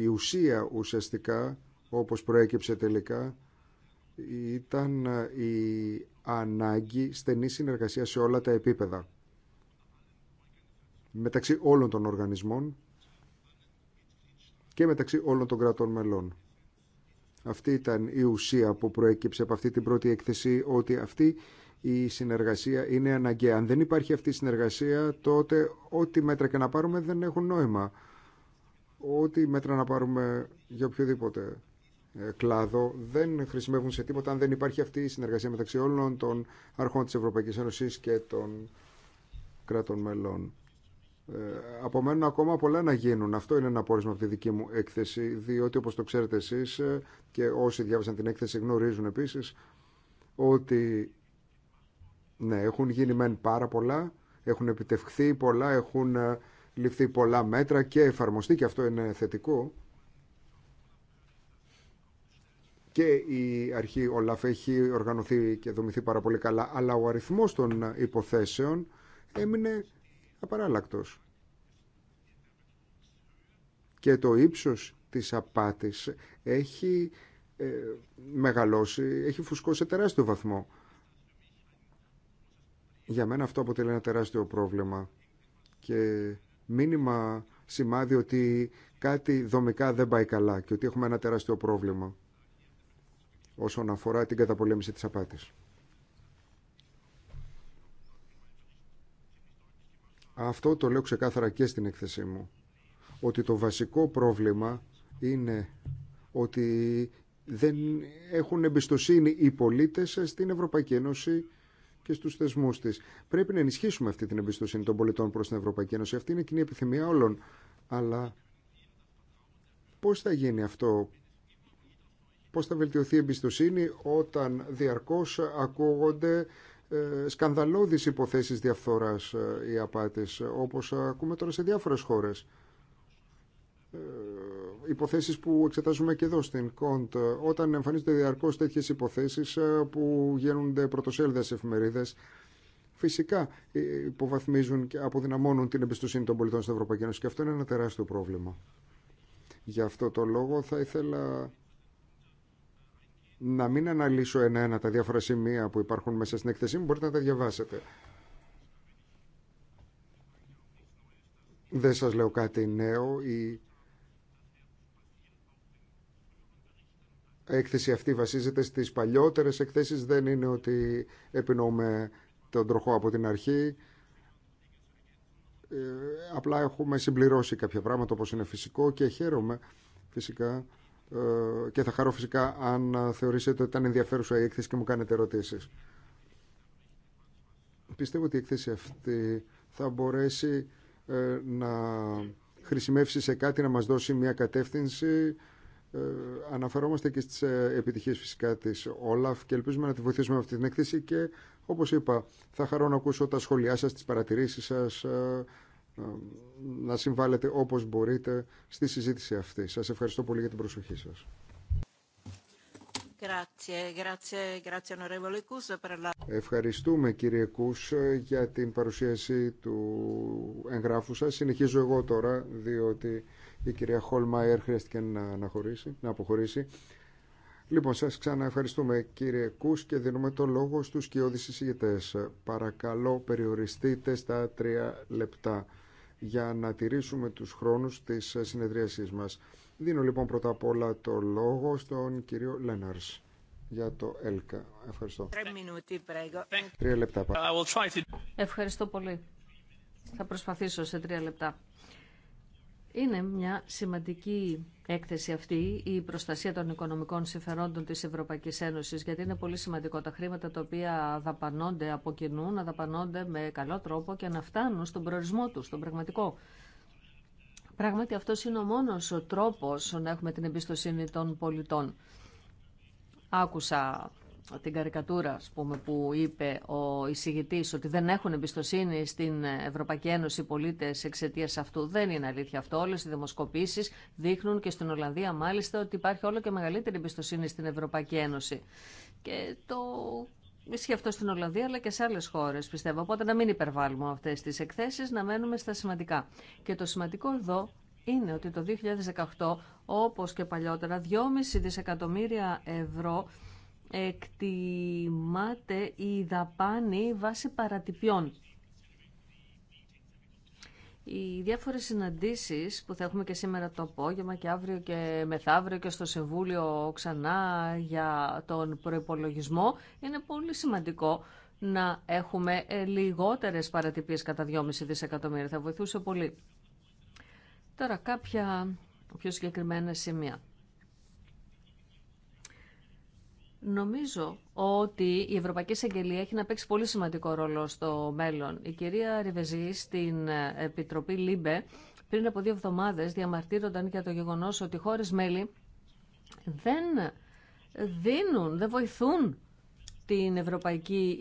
η ουσία ουσιαστικά όπως προέκυψε τελικά ήταν ε, η ανάγκη στενή συνεργασία σε όλα τα επίπεδα μεταξύ όλων των οργανισμών και μεταξύ όλων των κρατών μελών. Αυτή ήταν η ουσία που προέκυψε από αυτή την πρώτη έκθεση, ότι αυτή η συνεργασία είναι αναγκαία. Αν δεν υπάρχει αυτή η συνεργασία, τότε ό,τι μέτρα και να πάρουμε δεν έχουν νόημα ό,τι μέτρα να πάρουμε για οποιοδήποτε ε, κλάδο δεν χρησιμεύουν σε τίποτα αν δεν υπάρχει αυτή η συνεργασία μεταξύ όλων των αρχών της Ευρωπαϊκής Ένωσης και των κρατών μελών. Ε, απομένουν ακόμα πολλά να γίνουν. Αυτό είναι ένα πόρισμα από τη δική μου έκθεση, διότι όπως το ξέρετε εσείς ε, και όσοι διάβασαν την έκθεση γνωρίζουν επίσης ότι ναι, έχουν γίνει μεν πάρα πολλά, έχουν επιτευχθεί πολλά, έχουν ε, ληφθεί πολλά μέτρα και εφαρμοστεί και αυτό είναι θετικό. Και η αρχή ΟΛΑΦ έχει οργανωθεί και δομηθεί πάρα πολύ καλά, αλλά ο αριθμός των υποθέσεων έμεινε απαράλλακτος. Και το ύψος της απάτης έχει ε, μεγαλώσει, έχει φουσκώσει σε τεράστιο βαθμό. Για μένα αυτό αποτελεί ένα τεράστιο πρόβλημα και μήνυμα σημάδι ότι κάτι δομικά δεν πάει καλά και ότι έχουμε ένα τεράστιο πρόβλημα όσον αφορά την καταπολέμηση της απάτης. Αυτό το λέω ξεκάθαρα και στην έκθεσή μου, ότι το βασικό πρόβλημα είναι ότι δεν έχουν εμπιστοσύνη οι πολίτες στην Ευρωπαϊκή Ένωση και στου θεσμού τη. Πρέπει να ενισχύσουμε αυτή την εμπιστοσύνη των πολιτών προ την Ευρωπαϊκή Ένωση. Αυτή είναι κοινή επιθυμία όλων. Αλλά πώ θα γίνει αυτό, πώ θα βελτιωθεί η εμπιστοσύνη όταν διαρκώ ακούγονται ε, σκανδαλώδεις υποθέσεις διαφθοράς ή ε, απάτης όπως ακούμε τώρα σε διάφορες χώρες ε, Υποθέσει που εξετάζουμε και εδώ στην ΚΟΝΤ. Όταν εμφανίζονται διαρκώς τέτοιες υποθέσει ε, που γίνονται πρωτοσέλδες εφημερίδες, φυσικά ε, υποβαθμίζουν και αποδυναμώνουν την εμπιστοσύνη των πολιτών στην Ευρωπαϊκή Ένωση και αυτό είναι ένα τεράστιο πρόβλημα. Γι' αυτό το λόγο θα ήθελα να μην αναλύσω ένα-ένα τα διάφορα σημεία που υπάρχουν μέσα στην εκθεσή μου, μπορείτε να τα διαβάσετε. Δεν σας λέω κάτι νέο ή έκθεση αυτή βασίζεται στις παλιότερες εκθέσεις. Δεν είναι ότι επινοούμε τον τροχό από την αρχή. Ε, απλά έχουμε συμπληρώσει κάποια πράγματα όπως είναι φυσικό και χαίρομαι φυσικά ε, και θα χαρώ φυσικά αν θεωρήσετε ότι ήταν ενδιαφέρουσα η έκθεση και μου κάνετε ερωτήσεις. Πιστεύω ότι η έκθεση αυτή θα μπορέσει ε, να χρησιμεύσει σε κάτι, να μας δώσει μια κατεύθυνση ε, αναφερόμαστε και στις ε, επιτυχίες φυσικά της Όλαφ και ελπίζουμε να τη βοηθήσουμε με αυτή την εκθέση και όπως είπα θα χαρώ να ακούσω τα σχόλιά σας, τις παρατηρήσεις σας ε, ε, να συμβάλλετε όπως μπορείτε στη συζήτηση αυτή. Σας ευχαριστώ πολύ για την προσοχή σας. Ευχαριστούμε κύριε Κούς για την παρουσίαση του εγγράφου σας. Συνεχίζω εγώ τώρα διότι η κυρία Χόλμαερ χρειάστηκε να, να αποχωρήσει. Λοιπόν, σας ξαναευχαριστούμε κύριε Κούς και δίνουμε το λόγο στους σκιώδεις εισηγητές. Παρακαλώ περιοριστείτε στα τρία λεπτά για να τηρήσουμε τους χρόνους της συνεδρίασής μας. Δίνω λοιπόν πρώτα απ' όλα το λόγο στον κύριο Λέναρς για το ΕΛΚΑ. Ευχαριστώ. Τρία λεπτά. Ευχαριστώ πολύ. Θα προσπαθήσω σε τρία λεπτά. Είναι μια σημαντική έκθεση αυτή η προστασία των οικονομικών συμφερόντων της Ευρωπαϊκής Ένωσης γιατί είναι πολύ σημαντικό τα χρήματα τα οποία δαπανώνται από κοινού να δαπανώνται με καλό τρόπο και να φτάνουν στον προορισμό τους, στον πραγματικό. Πράγματι αυτό είναι ο μόνος ο τρόπος να έχουμε την εμπιστοσύνη των πολιτών. Άκουσα την καρικατούρα πούμε, που είπε ο εισηγητής ότι δεν έχουν εμπιστοσύνη στην Ευρωπαϊκή Ένωση οι πολίτες εξαιτίας αυτού. Δεν είναι αλήθεια αυτό. Όλες οι δημοσκοπήσεις δείχνουν και στην Ολλανδία μάλιστα ότι υπάρχει όλο και μεγαλύτερη εμπιστοσύνη στην Ευρωπαϊκή Ένωση. Και το Ισχύει αυτό στην Ολλανδία αλλά και σε άλλε χώρε, πιστεύω. Οπότε να μην υπερβάλλουμε αυτέ τι εκθέσει, να μένουμε στα σημαντικά. Και το σημαντικό εδώ είναι ότι το 2018, όπω και παλιότερα, 2,5 δισεκατομμύρια ευρώ εκτιμάται η δαπάνη βάσει παρατυπιών. Οι διάφορες συναντήσεις που θα έχουμε και σήμερα το απόγευμα και αύριο και μεθαύριο και στο Σεβούλιο ξανά για τον προϋπολογισμό είναι πολύ σημαντικό να έχουμε ε, λιγότερες παρατυπίες κατά 2,5 δισεκατομμύρια. Θα βοηθούσε πολύ. Τώρα κάποια πιο συγκεκριμένα σημεία. Νομίζω ότι η Ευρωπαϊκή Εισαγγελία έχει να παίξει πολύ σημαντικό ρόλο στο μέλλον. Η κυρία Ριβεζή στην Επιτροπή ΛΥΜΠΕ πριν από δύο εβδομάδες διαμαρτύρονταν για το γεγονός ότι οι χώρες μέλη δεν δίνουν, δεν βοηθούν την Ευρωπαϊκή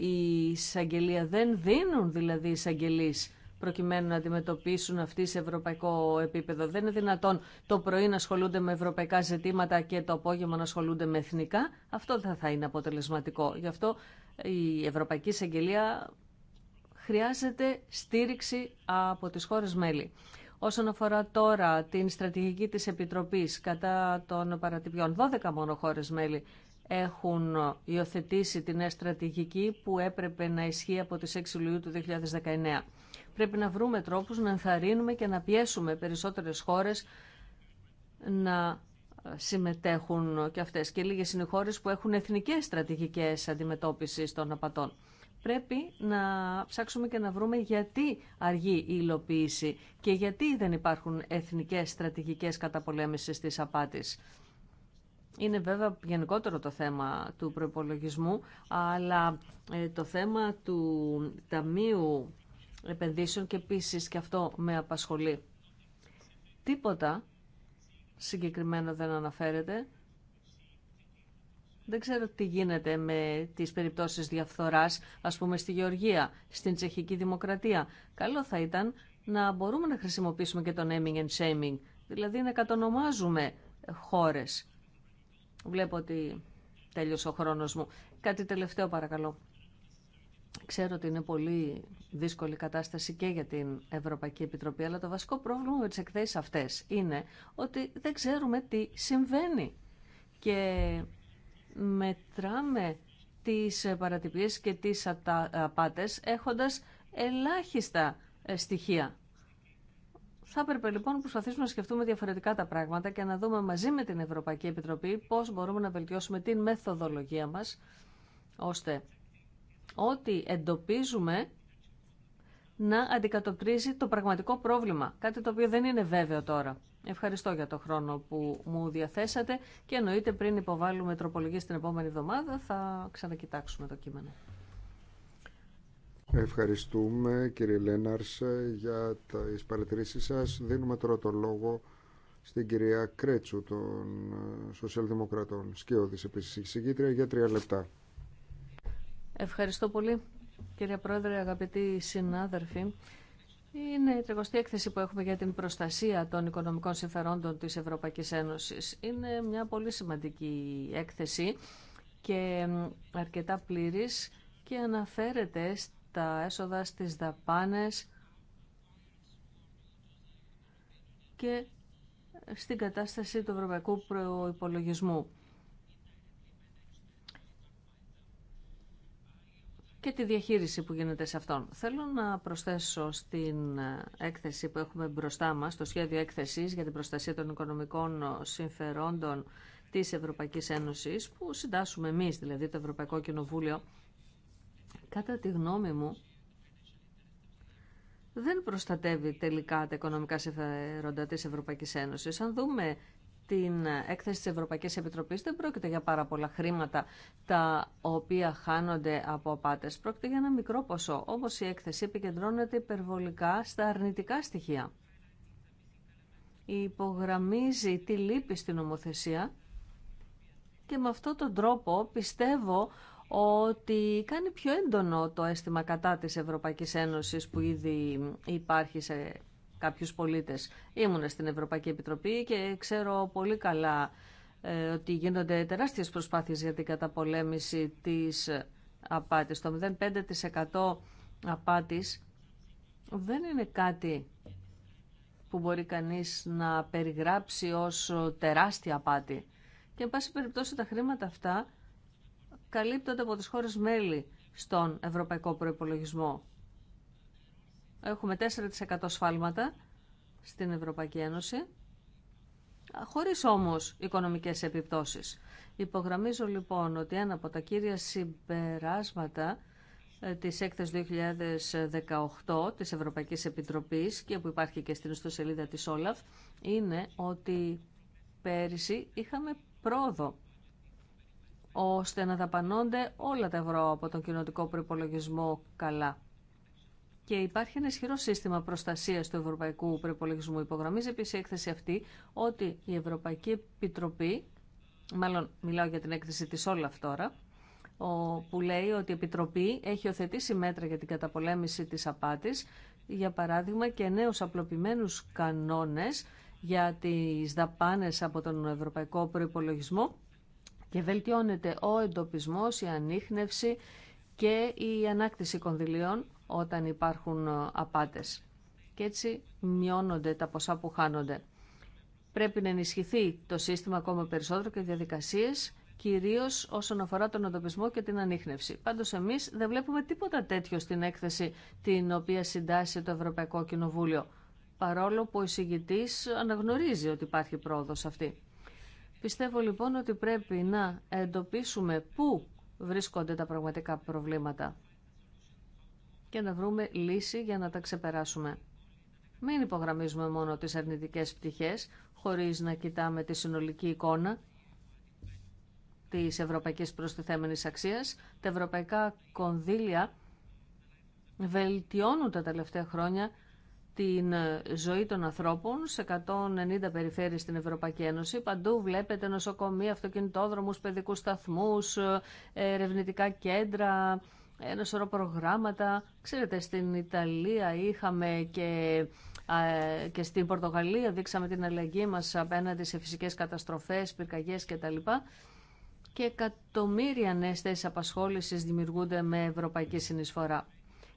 Εισαγγελία, δεν δίνουν δηλαδή εισαγγελίε προκειμένου να αντιμετωπίσουν αυτή σε ευρωπαϊκό επίπεδο. Δεν είναι δυνατόν το πρωί να ασχολούνται με ευρωπαϊκά ζητήματα και το απόγευμα να ασχολούνται με εθνικά. Αυτό δεν θα είναι αποτελεσματικό. Γι' αυτό η Ευρωπαϊκή Εισαγγελία χρειάζεται στήριξη από τις χώρες μέλη. Όσον αφορά τώρα την στρατηγική της Επιτροπής κατά των παρατυπιών, 12 μόνο χώρες μέλη έχουν υιοθετήσει την νέα στρατηγική που έπρεπε να ισχύει από τις 6 Ιουλίου του 2019. Πρέπει να βρούμε τρόπους να ενθαρρύνουμε και να πιέσουμε περισσότερες χώρες να συμμετέχουν και αυτές. Και λίγες είναι οι χώρες που έχουν εθνικές στρατηγικές αντιμετώπισης των απατών. Πρέπει να ψάξουμε και να βρούμε γιατί αργεί η υλοποίηση και γιατί δεν υπάρχουν εθνικές στρατηγικές καταπολέμησης της απάτης. Είναι βέβαια γενικότερο το θέμα του προπολογισμού, αλλά ε, το θέμα του Ταμείου επενδύσεων και επίσης και αυτό με απασχολεί. Τίποτα συγκεκριμένο δεν αναφέρεται. Δεν ξέρω τι γίνεται με τις περιπτώσεις διαφθοράς, ας πούμε στη Γεωργία, στην Τσεχική Δημοκρατία. Καλό θα ήταν να μπορούμε να χρησιμοποιήσουμε και το naming and shaming, δηλαδή να κατονομάζουμε χώρες. Βλέπω ότι τέλειωσε ο χρόνος μου. Κάτι τελευταίο παρακαλώ. Ξέρω ότι είναι πολύ δύσκολη κατάσταση και για την Ευρωπαϊκή Επιτροπή, αλλά το βασικό πρόβλημα με τις εκθέσεις αυτές είναι ότι δεν ξέρουμε τι συμβαίνει. Και μετράμε τις παρατυπίες και τις απάτες έχοντας ελάχιστα ε, στοιχεία. Θα έπρεπε λοιπόν να προσπαθήσουμε να σκεφτούμε διαφορετικά τα πράγματα και να δούμε μαζί με την Ευρωπαϊκή Επιτροπή πώς μπορούμε να βελτιώσουμε την μεθοδολογία μας, ώστε ό,τι εντοπίζουμε να αντικατοπτρίζει το πραγματικό πρόβλημα, κάτι το οποίο δεν είναι βέβαιο τώρα. Ευχαριστώ για το χρόνο που μου διαθέσατε και εννοείται πριν υποβάλουμε τροπολογίες την επόμενη εβδομάδα θα ξανακοιτάξουμε το κείμενο. Ευχαριστούμε κύριε Λέναρς για τις παρατηρήσεις σας. Δίνουμε τώρα το λόγο στην κυρία Κρέτσου των Σοσιαλδημοκρατών. Σκιώδης επίσης η για τρία λεπτά. Ευχαριστώ πολύ, κύριε Πρόεδρε, αγαπητοί συνάδελφοι. Είναι η τριγωστή έκθεση που έχουμε για την προστασία των οικονομικών συμφερόντων της Ευρωπαϊκής Ένωσης. Είναι μια πολύ σημαντική έκθεση και αρκετά πλήρης και αναφέρεται στα έσοδα, στις δαπάνες και στην κατάσταση του ευρωπαϊκού προϋπολογισμού. και τη διαχείριση που γίνεται σε αυτόν. Θέλω να προσθέσω στην έκθεση που έχουμε μπροστά μας, το σχέδιο έκθεσης για την προστασία των οικονομικών συμφερόντων της Ευρωπαϊκής Ένωσης, που συντάσσουμε εμείς, δηλαδή το Ευρωπαϊκό Κοινοβούλιο, κατά τη γνώμη μου, δεν προστατεύει τελικά τα οικονομικά συμφέροντα της Ευρωπαϊκής Ένωσης. Αν δούμε την έκθεση της Ευρωπαϊκής Επιτροπής δεν πρόκειται για πάρα πολλά χρήματα τα οποία χάνονται από απάτες. Πρόκειται για ένα μικρό ποσό. όμως η έκθεση επικεντρώνεται υπερβολικά στα αρνητικά στοιχεία. Υπογραμμίζει τη λύπη στην νομοθεσία και με αυτόν τον τρόπο πιστεύω ότι κάνει πιο έντονο το αίσθημα κατά της Ευρωπαϊκής Ένωσης που ήδη υπάρχει σε κάποιους πολίτες. Ήμουν στην Ευρωπαϊκή Επιτροπή και ξέρω πολύ καλά ε, ότι γίνονται τεράστιες προσπάθειες για την καταπολέμηση της ε, απάτης. Το 0,5% απάτης δεν είναι κάτι που μπορεί κανείς να περιγράψει ως ε, τεράστια απάτη. Και εν πάση περιπτώσει τα χρήματα αυτά καλύπτονται από τις χώρες μέλη στον ευρωπαϊκό προϋπολογισμό. Έχουμε 4% σφάλματα στην Ευρωπαϊκή Ένωση, χωρίς όμως οικονομικές επιπτώσεις. Υπογραμμίζω λοιπόν ότι ένα από τα κύρια συμπεράσματα ε, της έκθεσης 2018 της Ευρωπαϊκής Επιτροπής και που υπάρχει και στην ιστοσελίδα της Όλαφ είναι ότι πέρυσι είχαμε πρόοδο ώστε να δαπανώνται όλα τα ευρώ από τον κοινοτικό προπολογισμό καλά. Και υπάρχει ένα ισχυρό σύστημα προστασία του ευρωπαϊκού προπολογισμού. Υπογραμμίζει επίση η έκθεση αυτή ότι η Ευρωπαϊκή Επιτροπή, μάλλον μιλάω για την έκθεση τη Όλαφ τώρα, που λέει ότι η Επιτροπή έχει οθετήσει μέτρα για την καταπολέμηση της απάτης, για παράδειγμα και νέους απλοποιημένους κανόνες για τις δαπάνες από τον Ευρωπαϊκό Προϋπολογισμό και βελτιώνεται ο εντοπισμός, η ανείχνευση και η ανάκτηση κονδυλίων όταν υπάρχουν ε, απάτες. Και έτσι μειώνονται τα ποσά που χάνονται. Πρέπει να ενισχυθεί το σύστημα ακόμα περισσότερο και διαδικασίες, κυρίως όσον αφορά τον εντοπισμό και την ανείχνευση. Πάντως εμείς δεν βλέπουμε τίποτα τέτοιο στην έκθεση την οποία συντάσσει το Ευρωπαϊκό Κοινοβούλιο, παρόλο που ο εισηγητής αναγνωρίζει ότι υπάρχει πρόοδος αυτή. Πιστεύω λοιπόν ότι πρέπει να εντοπίσουμε πού βρίσκονται τα πραγματικά προβλήματα και να βρούμε λύση για να τα ξεπεράσουμε. Μην υπογραμμίζουμε μόνο τις αρνητικές πτυχές, χωρίς να κοιτάμε τη συνολική εικόνα της ευρωπαϊκής προστιθέμενης αξίας. Τα ευρωπαϊκά κονδύλια βελτιώνουν τα τελευταία χρόνια την ζωή των ανθρώπων σε 190 περιφέρειες στην Ευρωπαϊκή Ένωση. Παντού βλέπετε νοσοκομεία, αυτοκινητόδρομους, παιδικούς σταθμούς, ε, ερευνητικά κέντρα, ένα σωρό προγράμματα. Ξέρετε, στην Ιταλία είχαμε και, και στην Πορτογαλία δείξαμε την αλλαγή μας απέναντι σε φυσικές καταστροφές, πυρκαγιές κτλ. Και εκατομμύρια νέες θέσεις απασχόλησης δημιουργούνται με ευρωπαϊκή συνεισφορά.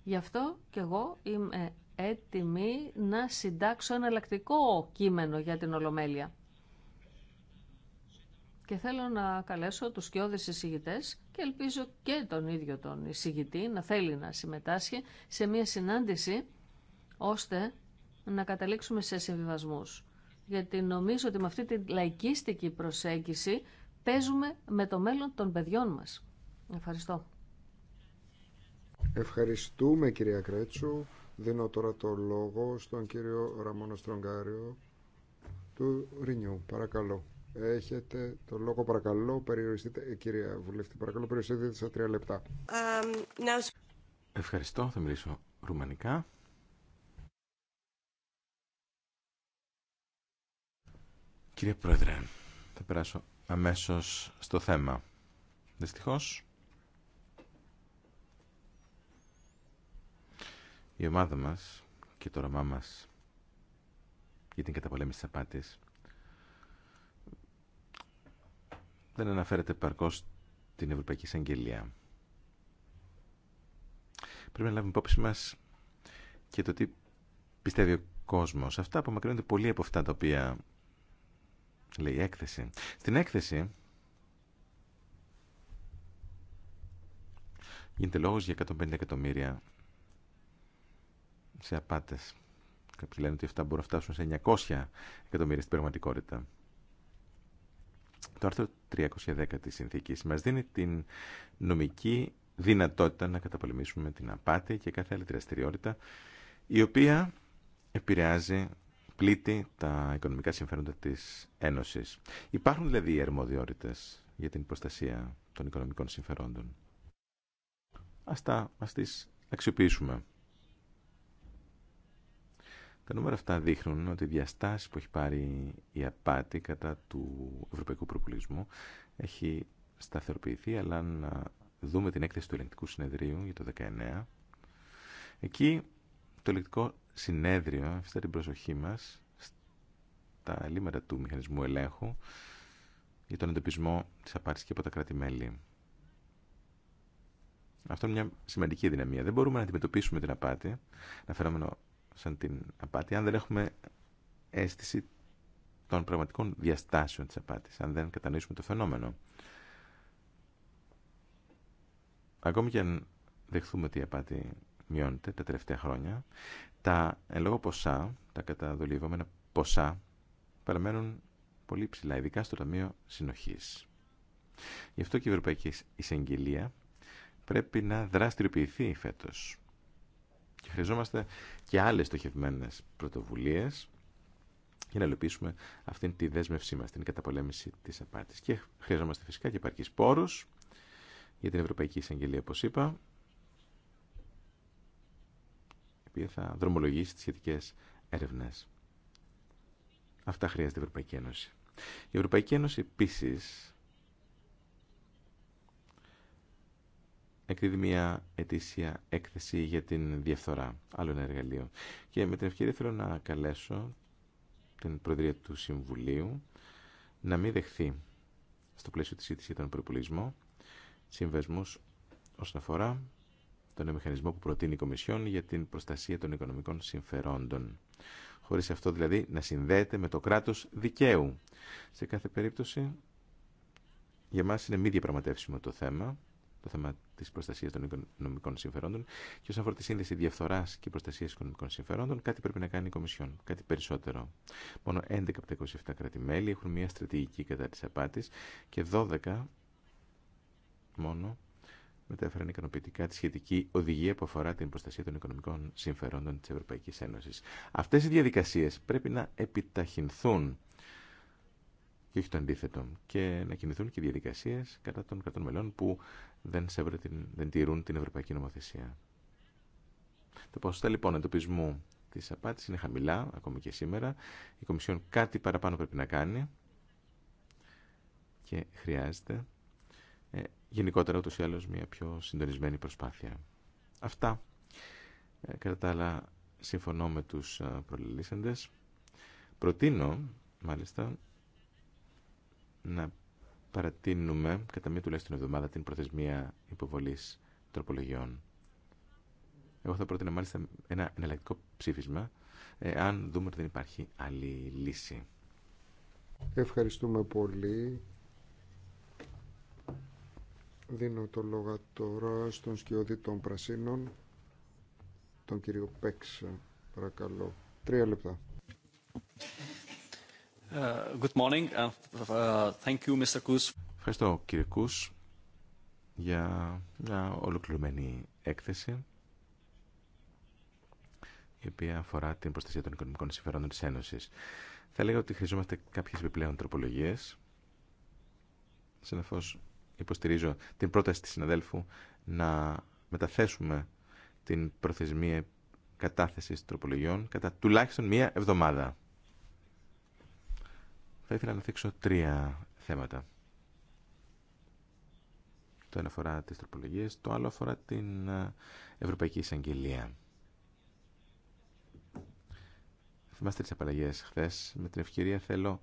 Γι' αυτό και εγώ είμαι έτοιμη να συντάξω ένα εναλλακτικό κείμενο για την Ολομέλεια. Και θέλω να καλέσω τους σκιώδες εισηγητές και ελπίζω και τον ίδιο τον εισηγητή να θέλει να συμμετάσχει σε μια συνάντηση ώστε να καταλήξουμε σε συμβιβασμούς. Γιατί νομίζω ότι με αυτή τη λαϊκίστικη προσέγγιση παίζουμε με το μέλλον των παιδιών μας. Ευχαριστώ. Ευχαριστούμε κυρία Κρέτσου. Δίνω τώρα το λόγο στον κύριο Ραμόνο Στρογγάριο του Ρινιού. Παρακαλώ. Έχετε το λόγο παρακαλώ, περιοριστείτε, ε, κυρία Βουλευτή, παρακαλώ περιοριστείτε στα τρία λεπτά. Ευχαριστώ, θα μιλήσω ρουμανικά. Κύριε Πρόεδρε, θα περάσω αμέσως στο θέμα. Δυστυχώς, η ομάδα μας και το ραμά μας για την καταπολέμηση της απάτης δεν αναφέρεται παρκώς την Ευρωπαϊκή Εισαγγελία. Πρέπει να λάβουμε υπόψη μας και το τι πιστεύει ο κόσμος. Αυτά απομακρύνονται πολύ από αυτά τα οποία λέει η έκθεση. Στην έκθεση γίνεται λόγος για 150 εκατομμύρια σε απάτες. Κάποιοι λένε ότι αυτά μπορούν να φτάσουν σε 900 εκατομμύρια στην πραγματικότητα. Το άρθρο 310 της συνθήκης μας δίνει την νομική δυνατότητα να καταπολεμήσουμε την απάτη και κάθε άλλη δραστηριότητα η οποία επηρεάζει πλήττει τα οικονομικά συμφέροντα της Ένωσης. Υπάρχουν δηλαδή οι αρμοδιότητες για την προστασία των οικονομικών συμφερόντων. Ας, τα, ας τις αξιοποιήσουμε. Τα νούμερα αυτά δείχνουν ότι η διαστάση που έχει πάρει η απάτη κατά του ευρωπαϊκού προπολισμού έχει σταθεροποιηθεί, αλλά αν δούμε την έκθεση του ελεγκτικού συνεδρίου για το 2019, εκεί το ελεγκτικό συνέδριο έφτασε την προσοχή μας στα λίμματα του μηχανισμού ελέγχου για τον εντοπισμό της απάτης και από τα κράτη-μέλη. Αυτό είναι μια σημαντική δυναμία. Δεν μπορούμε να αντιμετωπίσουμε την απάτη, ένα φαινόμενο σαν την απάτη, αν δεν έχουμε αίσθηση των πραγματικών διαστάσεων της απάτης, αν δεν κατανοήσουμε το φαινόμενο. Ακόμη και αν δεχθούμε ότι η απάτη μειώνεται τα τελευταία χρόνια, τα εν λόγω ποσά, τα καταδολιευόμενα ποσά, παραμένουν πολύ ψηλά, ειδικά στο Ταμείο Συνοχής. Γι' αυτό και η Ευρωπαϊκή Εισαγγελία πρέπει να δραστηριοποιηθεί φέτος. Και χρειαζόμαστε και άλλες στοχευμένε πρωτοβουλίες για να ελοπίσουμε αυτήν τη δέσμευσή μας, την καταπολέμηση της απάτης. Και χρειαζόμαστε φυσικά και επαρκείς πόρους για την Ευρωπαϊκή Εισαγγελία, όπως είπα, η οποία θα δρομολογήσει τις σχετικές έρευνες. Αυτά χρειάζεται η Ευρωπαϊκή Ένωση. Η Ευρωπαϊκή Ένωση επίσης εκδίδει μια ετήσια έκθεση για την διαφθορά, άλλο ένα εργαλείο. Και με την ευκαιρία θέλω να καλέσω την Προεδρία του Συμβουλίου να μην δεχθεί στο πλαίσιο της σύντησης για τον προπολισμό συμβεσμούς όσον αφορά τον μηχανισμό που προτείνει η Κομισιόν για την προστασία των οικονομικών συμφερόντων. Χωρίς αυτό δηλαδή να συνδέεται με το κράτος δικαίου. Σε κάθε περίπτωση για μας είναι μη διαπραγματεύσιμο το θέμα το θέμα τη προστασία των οικονομικών συμφερόντων και όσον αφορά τη σύνδεση διαφθορά και προστασία οικονομικών συμφερόντων, κάτι πρέπει να κάνει η Κομισιόν, κάτι περισσότερο. Μόνο 11 από τα 27 κράτη-μέλη έχουν μια στρατηγική κατά τη απάτη και 12 μόνο μετέφεραν ικανοποιητικά τη σχετική οδηγία που αφορά την προστασία των οικονομικών συμφερόντων τη Ευρωπαϊκή Ένωση. Αυτέ οι διαδικασίε πρέπει να επιταχυνθούν και όχι το αντίθετο, και να κινηθούν και διαδικασίε κατά των κρατών μελών που δεν, την, δεν τηρούν την ευρωπαϊκή νομοθεσία. Το ποσοστά λοιπόν εντοπισμού της απάτης είναι χαμηλά, ακόμη και σήμερα. Η Κομισιόν κάτι παραπάνω πρέπει να κάνει και χρειάζεται ε, γενικότερα ούτως ή άλλως μια πιο συντονισμένη προσπάθεια. Αυτά. Ε, κατά τα άλλα, συμφωνώ με τους ε, προλελήσαντες. Προτείνω, μάλιστα, να παρατείνουμε κατά μία τουλάχιστον εβδομάδα την προθεσμία υποβολής τροπολογιών. Εγώ θα πρότεινα μάλιστα ένα εναλλακτικό ψήφισμα, ε, αν δούμε ότι δεν υπάρχει άλλη λύση. Ευχαριστούμε πολύ. Δίνω το λόγο τώρα στον σκιώδη των Πρασίνων, τον κύριο Πέξ, παρακαλώ. Τρία λεπτά. Uh, uh, Ευχαριστώ κύριε Κούς για μια ολοκληρωμένη έκθεση η οποία αφορά την προστασία των οικονομικών συμφερόντων της Ένωσης. Θα λέγαω ότι χρειαζόμαστε κάποιες επιπλέον τροπολογίες. Συνεφώς υποστηρίζω την πρόταση της συναδέλφου να μεταθέσουμε την προθεσμία κατάθεσης τροπολογιών κατά τουλάχιστον μία εβδομάδα. Θα ήθελα να θίξω τρία θέματα. Το ένα αφορά τις τροπολογίες, το άλλο αφορά την ε, Ευρωπαϊκή Εισαγγελία. Θυμάστε τις απαλλαγές χθες. Με την ευκαιρία θέλω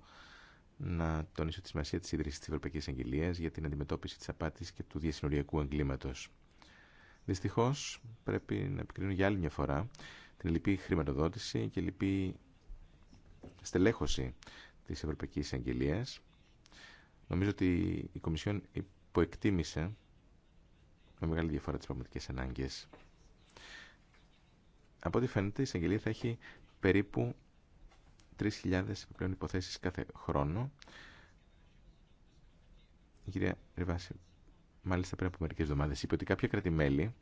να τονίσω τη σημασία της ίδρυσης της Ευρωπαϊκής Εισαγγελίας για την αντιμετώπιση της απάτης και του διασυνοριακού εγκλήματος. Δυστυχώς πρέπει να επικρίνω για άλλη μια φορά την λυπή χρηματοδότηση και λυπή στελέχωση της Ευρωπαϊκής Αγγελίας. Νομίζω ότι η Κομισιόν υποεκτίμησε με μεγάλη διαφορά τις πραγματικές ανάγκες. Από ό,τι φαίνεται η εισαγγελία θα έχει περίπου 3.000 επιπλέον υποθέσεις κάθε χρόνο. Η κυρία Ριβάση, μάλιστα πριν από μερικές εβδομάδες, είπε ότι κάποια κρατημέλη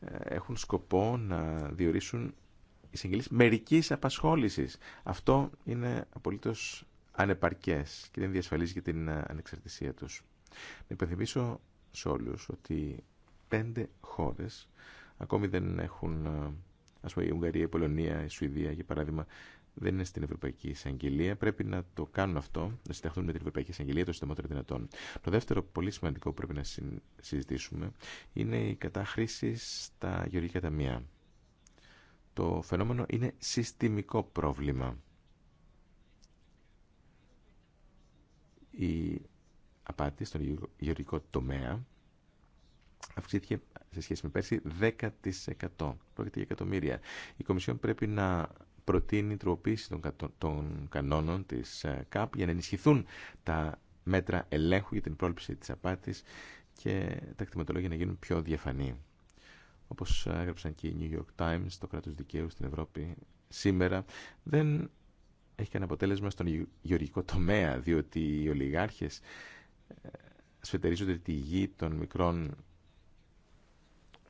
ε, έχουν σκοπό να διορίσουν εισαγγελής μερικής απασχόλησης. Αυτό είναι απολύτως ανεπαρκές και δεν διασφαλίζει για την ε, ανεξαρτησία τους. Να υπενθυμίσω σε όλους ότι πέντε χώρες ακόμη δεν έχουν, ε, ας πούμε η Ουγγαρία, η Πολωνία, η Σουηδία για παράδειγμα, δεν είναι στην Ευρωπαϊκή Εισαγγελία. Πρέπει να το κάνουν αυτό, να συνταχθούν με την Ευρωπαϊκή Εισαγγελία το συντομότερο δυνατόν. Το δεύτερο πολύ σημαντικό που πρέπει να συζητήσουμε είναι η κατάχρηση στα γεωργικά ταμεία το φαινόμενο είναι συστημικό πρόβλημα. Η απάτη στον γεωργικό τομέα αυξήθηκε σε σχέση με πέρσι 10%. Πρόκειται για εκατομμύρια. Η Κομισιόν πρέπει να προτείνει τροποποίηση των, των κανόνων της ε, ΚΑΠ για να ενισχυθούν τα μέτρα ελέγχου για την πρόληψη της απάτης και τα κτηματολόγια να γίνουν πιο διαφανή. Όπως έγραψαν και οι New York Times, το κράτος δικαίου στην Ευρώπη σήμερα δεν έχει κανένα αποτέλεσμα στον γεωργικό τομέα, διότι οι ολιγάρχες ε, σφετερίζονται τη γη των μικρών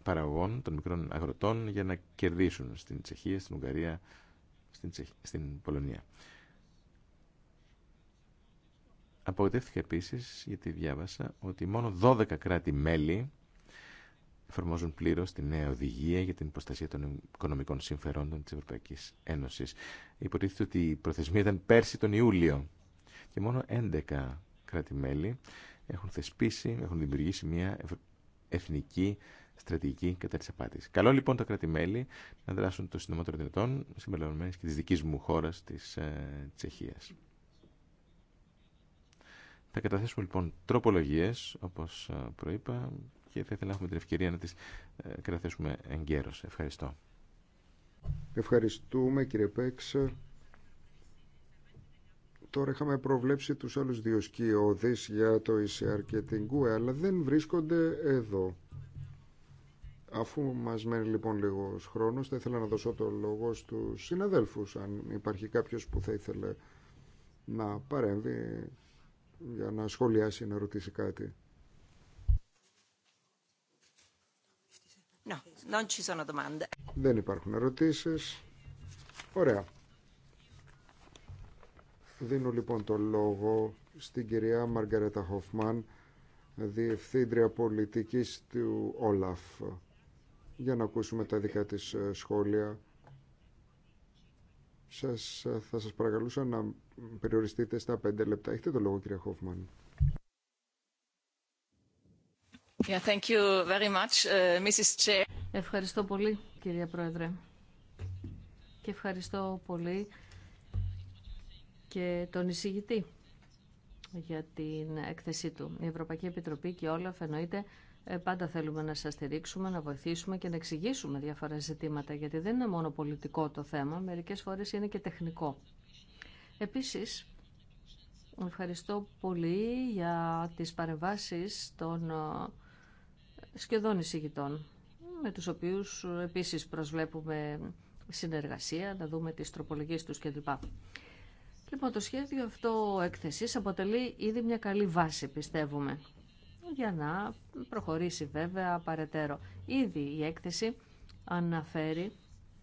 παραγωγών, των μικρών αγροτών για να κερδίσουν στην Τσεχία, στην Ουγγαρία, στην, στην Πολωνία. Απογοητεύτηκα επίσης γιατί διάβασα ότι μόνο 12 κράτη-μέλη εφαρμόζουν πλήρω τη νέα οδηγία για την προστασία των οικονομικών συμφερόντων τη Ευρωπαϊκή Ένωση. Υποτίθεται ότι η προθεσμία ήταν πέρσι τον Ιούλιο και μόνο 11 κράτη-μέλη έχουν θεσπίσει, έχουν δημιουργήσει μια εθνική στρατηγική κατά τη απάτη. Καλό λοιπόν τα κράτη-μέλη να δράσουν το συντομότερο δυνατόν, συμπεριλαμβανομένη και τη δική μου χώρα, τη ε, Τσεχία. Θα καταθέσουμε λοιπόν τροπολογίες, όπως ε, προείπα, και θα ήθελα να έχουμε την ευκαιρία να τις ε, κρατήσουμε εγκαίρως. Ευχαριστώ. Ευχαριστούμε κύριε Πέξ. Τώρα είχαμε προβλέψει τους άλλους δύο σκιώδεις για το ECR και την ΚΟΕ, αλλά δεν βρίσκονται εδώ. Αφού μας μένει λοιπόν λίγος χρόνος, θα ήθελα να δώσω το λόγο στους συναδέλφους, αν υπάρχει κάποιος που θα ήθελε να παρέμβει για να σχολιάσει, να ρωτήσει κάτι. Δεν υπάρχουν ερωτήσει. Ωραία. Δίνω λοιπόν το λόγο στην κυρία Μαργαρέτα Χοφμάν, Διευθύντρια Πολιτικής του Όλαφ, για να ακούσουμε τα δικά της ε, σχόλια. Σας, ε, θα σας παρακαλούσα να περιοριστείτε στα πέντε λεπτά. Έχετε το λόγο κυρία Χόφμαν. Yeah, thank you very much, ε, Mrs. Chair. Ευχαριστώ πολύ, κυρία Πρόεδρε. Και ευχαριστώ πολύ και τον εισηγητή για την έκθεσή του. Η Ευρωπαϊκή Επιτροπή και όλα φαινοείται ε, πάντα θέλουμε να σας στηρίξουμε, να βοηθήσουμε και να εξηγήσουμε διάφορα ζητήματα, γιατί δεν είναι μόνο πολιτικό το θέμα, μερικές φορές είναι και τεχνικό. Επίσης, ευχαριστώ πολύ για τις παρεμβάσεις των ε, σχεδόν εισηγητών με τους οποίους επίσης προσβλέπουμε συνεργασία, να δούμε τις τροπολογίες τους κλπ. Λοιπόν, το σχέδιο αυτό έκθεσης αποτελεί ήδη μια καλή βάση, πιστεύουμε, για να προχωρήσει βέβαια παρετέρω. Ήδη η έκθεση αναφέρει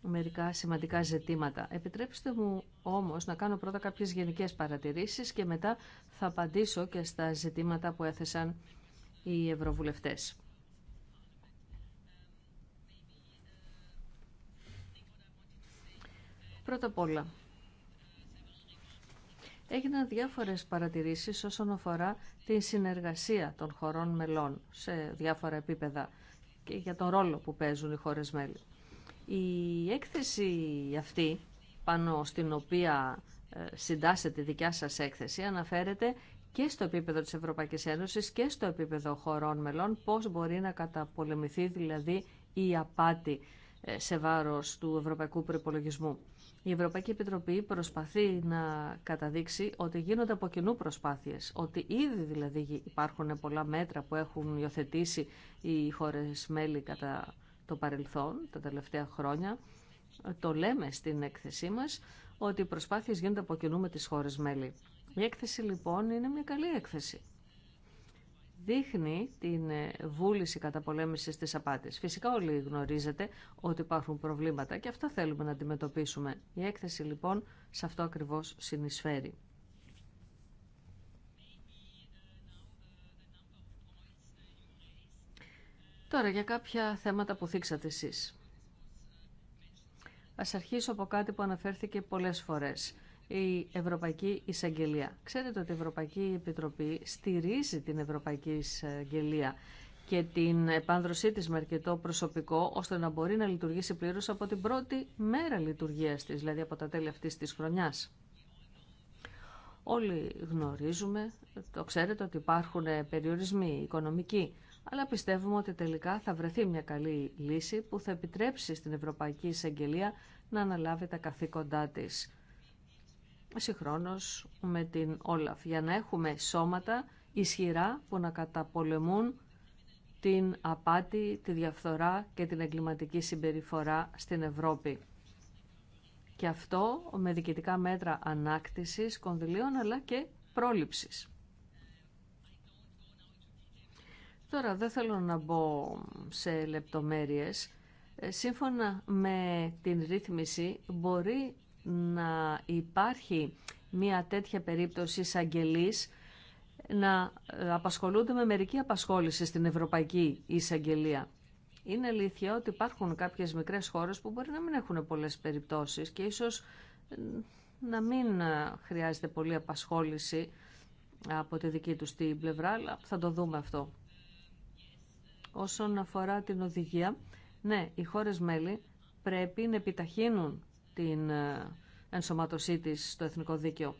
μερικά σημαντικά ζητήματα. Επιτρέψτε μου όμως να κάνω πρώτα κάποιες γενικές παρατηρήσεις και μετά θα απαντήσω και στα ζητήματα που έθεσαν οι ευρωβουλευτές. Πρώτα απ' όλα, έγιναν διάφορες παρατηρήσεις όσον αφορά τη συνεργασία των χωρών μελών σε διάφορα επίπεδα και για τον ρόλο που παίζουν οι χώρες μέλη. Η έκθεση αυτή, πάνω στην οποία ε, συντάσσεται η δικιά σας έκθεση, αναφέρεται και στο επίπεδο της Ευρωπαϊκής Ένωσης και στο επίπεδο χωρών μελών πώς μπορεί να καταπολεμηθεί δηλαδή η απάτη ε, σε βάρος του ευρωπαϊκού προπολογισμού. Η Ευρωπαϊκή Επιτροπή προσπαθεί να καταδείξει ότι γίνονται από κοινού προσπάθειες, ότι ήδη δηλαδή υπάρχουν πολλά μέτρα που έχουν υιοθετήσει οι χώρες μέλη κατά το παρελθόν, τα τελευταία χρόνια. Το λέμε στην έκθεσή μας ότι οι προσπάθειες γίνονται από κοινού με τις χώρες μέλη. Η έκθεση λοιπόν είναι μια καλή έκθεση δείχνει την ε, βούληση καταπολέμησης της απάτης. Φυσικά όλοι γνωρίζετε ότι υπάρχουν προβλήματα και αυτά θέλουμε να αντιμετωπίσουμε. Η έκθεση λοιπόν σε αυτό ακριβώς συνεισφέρει. Τώρα για κάποια θέματα που θίξατε εσείς. Ας αρχίσω από κάτι που αναφέρθηκε πολλές φορές η Ευρωπαϊκή Εισαγγελία. Ξέρετε ότι η Ευρωπαϊκή Επιτροπή στηρίζει την Ευρωπαϊκή Εισαγγελία και την επάνδρωσή της με αρκετό προσωπικό, ώστε να μπορεί να λειτουργήσει πλήρως από την πρώτη μέρα λειτουργίας της, δηλαδή από τα τέλη αυτής της χρονιάς. Όλοι γνωρίζουμε, το ξέρετε ότι υπάρχουν περιορισμοί οικονομικοί, αλλά πιστεύουμε ότι τελικά θα βρεθεί μια καλή λύση που θα επιτρέψει στην Ευρωπαϊκή Εισαγγελία να αναλάβει τα καθήκοντά της συγχρόνως με την Όλαφ για να έχουμε σώματα ισχυρά που να καταπολεμούν την απάτη, τη διαφθορά και την εγκληματική συμπεριφορά στην Ευρώπη. Και αυτό με διοικητικά μέτρα ανάκτησης κονδυλίων αλλά και πρόληψης. Τώρα δεν θέλω να μπω σε λεπτομέρειες. Ε, σύμφωνα με την ρύθμιση μπορεί να υπάρχει μια τέτοια περίπτωση εισαγγελή να ε, απασχολούνται με μερική απασχόληση στην Ευρωπαϊκή Εισαγγελία. Είναι αλήθεια ότι υπάρχουν κάποιες μικρές χώρες που μπορεί να μην έχουν πολλές περιπτώσεις και ίσως ε, να μην ε, χρειάζεται πολλή απασχόληση από τη δική τους την πλευρά, αλλά θα το δούμε αυτό. Όσον αφορά την οδηγία, ναι, οι χώρες μέλη πρέπει να επιταχύνουν την ε, ενσωμάτωσή της στο εθνικό δίκαιο.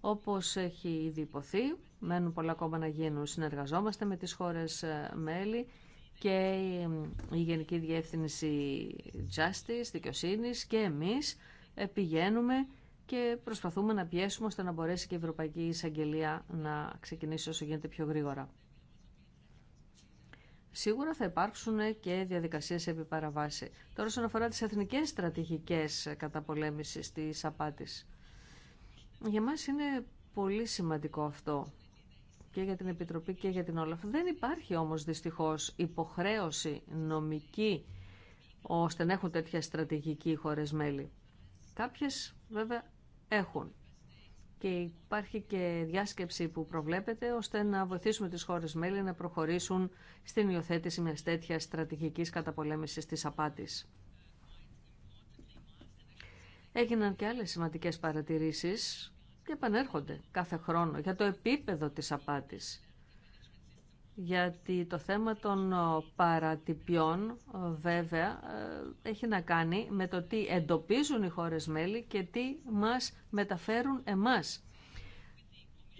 Όπως έχει ήδη υποθεί, μένουν πολλά ακόμα να γίνουν. Συνεργαζόμαστε με τις χώρες ε, μέλη και η Γενική Διεύθυνση Justice, Δικαιοσύνης και εμείς ε, πηγαίνουμε και προσπαθούμε να πιέσουμε ώστε να μπορέσει και η Ευρωπαϊκή Εισαγγελία να ξεκινήσει όσο γίνεται πιο γρήγορα. Σίγουρα θα υπάρξουν και διαδικασίες επί παραβάση. Τώρα, όσον αφορά τις εθνικές στρατηγικές καταπολέμησης της απάτης. Για μας είναι πολύ σημαντικό αυτό και για την Επιτροπή και για την Όλαφ. Δεν υπάρχει όμως δυστυχώς υποχρέωση νομική ώστε να έχουν τέτοια στρατηγική οι χώρες μέλη. Κάποιες βέβαια έχουν και υπάρχει και διάσκεψη που προβλέπεται ώστε να βοηθήσουμε τις χώρες μέλη να προχωρήσουν στην υιοθέτηση μιας τέτοιας στρατηγικής καταπολέμησης της απάτης. Έγιναν και άλλες σημαντικές παρατηρήσεις και επανέρχονται κάθε χρόνο για το επίπεδο της απάτης γιατί το θέμα των ε, παρατυπιών ε, βέβαια ε, έχει να κάνει με το τι εντοπίζουν οι χώρες μέλη και τι μας μεταφέρουν εμάς.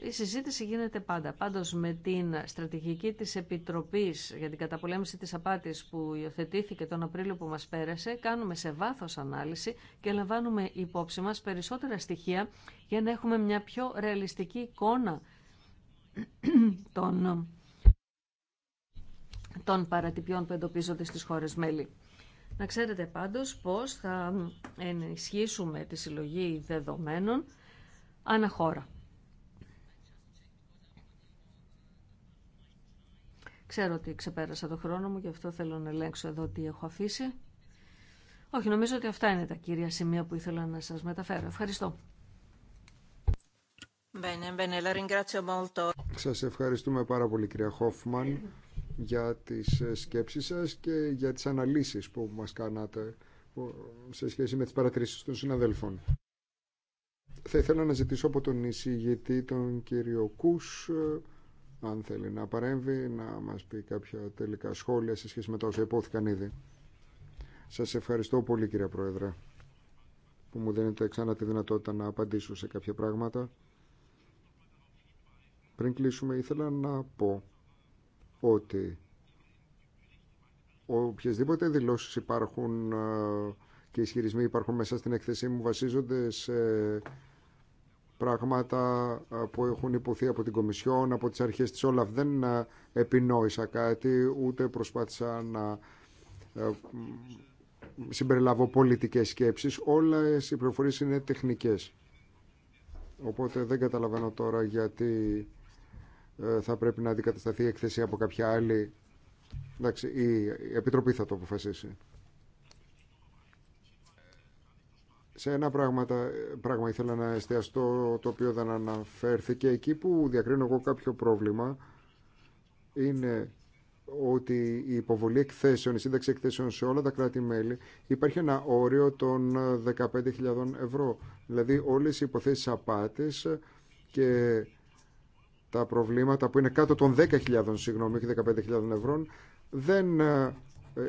Η συζήτηση γίνεται πάντα. Πάντως με την στρατηγική της Επιτροπής για την καταπολέμηση της απάτης που υιοθετήθηκε τον Απρίλιο που μας πέρασε, κάνουμε σε βάθος ανάλυση και λαμβάνουμε υπόψη μας περισσότερα στοιχεία για να έχουμε μια πιο ρεαλιστική εικόνα των των παρατυπιών που εντοπίζονται στις χώρες μέλη. Να ξέρετε πάντως πώς θα ενισχύσουμε τη συλλογή δεδομένων αναχώρα. Ξέρω ότι ξεπέρασα το χρόνο μου, γι' αυτό θέλω να ελέγξω εδώ τι έχω αφήσει. Όχι, νομίζω ότι αυτά είναι τα κύρια σημεία που ήθελα να σας μεταφέρω. Ευχαριστώ. Σας ευχαριστούμε πάρα πολύ κυρία Χόφμαν για τις ε, σκέψεις σας και για τις αναλύσεις που μας κάνατε σε σχέση με τις παρατηρήσεις των συναδέλφων. Θα ήθελα να ζητήσω από τον εισηγητή, τον κύριο Κούς, ε, αν θέλει να παρέμβει, να μας πει κάποια τελικά σχόλια σε σχέση με τα όσα υπόθηκαν ήδη. Σας ευχαριστώ πολύ κύριε Πρόεδρε που μου δίνετε ξανά τη δυνατότητα να απαντήσω σε κάποια πράγματα. Πριν κλείσουμε ήθελα να πω ότι οποιασδήποτε δηλώσεις υπάρχουν ε, και ισχυρισμοί υπάρχουν μέσα στην εκθεσή μου βασίζονται σε πράγματα ε, που έχουν υποθεί από την Κομισιόν, από τις αρχές της Όλαφ. Δεν ε, επινόησα κάτι, ούτε προσπάθησα να συμπεριλάβω πολιτικές σκέψεις. όλα οι πληροφορίε είναι τεχνικές. Οπότε δεν καταλαβαίνω τώρα γιατί ε, θα πρέπει να αντικατασταθεί η εκθέση από κάποια άλλη. Εντάξει, η Επιτροπή θα το αποφασίσει. Σε ένα πράγμα, πράγμα ήθελα να εστιαστώ το οποίο δεν αναφέρθηκε. Εκεί που διακρίνω εγώ κάποιο πρόβλημα είναι ότι η υποβολή εκθέσεων, η σύνταξη εκθέσεων σε όλα τα κράτη-μέλη υπάρχει ένα όριο των 15.000 ευρώ. Δηλαδή όλες οι υποθέσεις απάτης και τα προβλήματα που είναι κάτω των 10.000, συγγνώμη, όχι 15.000 ευρώ, δεν ε, ε,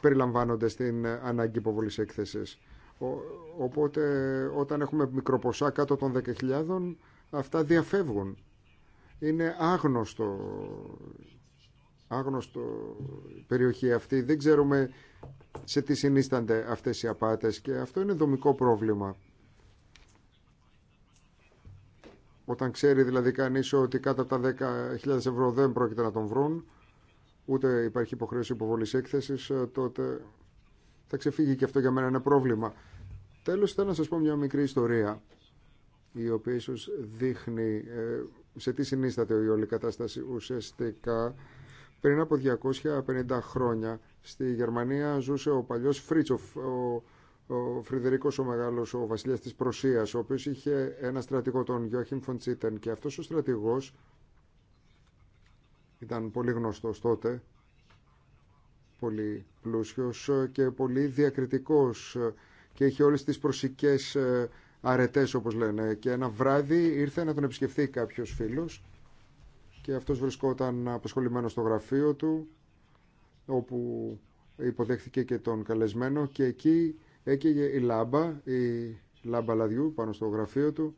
περιλαμβάνονται στην ανάγκη υποβολής έκθεσης. οπότε όταν έχουμε μικροποσά κάτω των 10.000, αυτά διαφεύγουν. Είναι άγνωστο, άγνωστο η περιοχή αυτή. Δεν ξέρουμε σε τι συνίστανται αυτές οι απάτες και αυτό είναι δομικό πρόβλημα Όταν ξέρει δηλαδή κανείς ότι κάτω από τα 10.000 ευρώ δεν πρόκειται να τον βρουν, ούτε υπάρχει υποχρέωση υποβολής έκθεσης, ε, τότε θα ξεφύγει και αυτό για μένα ένα πρόβλημα. Τέλος, θέλω να σας πω μια μικρή ιστορία, η οποία ίσως δείχνει ε, σε τι συνίσταται η όλη κατάσταση. Ουσιαστικά, πριν από 250 χρόνια, στη Γερμανία ζούσε ο παλιός Φρίτσοφ, ο ο Φρυδερίκο ο Μεγάλο, ο βασιλιά τη Προσία, ο οποίο είχε ένα στρατηγό, τον Γιώχιμ Φοντσίτεν, και αυτό ο στρατηγό ήταν πολύ γνωστό τότε, πολύ πλούσιο και πολύ διακριτικό και είχε όλε τι προσικέ ε, αρετέ, όπω λένε. Και ένα βράδυ ήρθε να τον επισκεφθεί κάποιο φίλο και αυτός βρισκόταν απασχολημένο στο γραφείο του όπου υποδέχθηκε και τον καλεσμένο και εκεί έκαιγε η λάμπα, η λάμπα λαδιού πάνω στο γραφείο του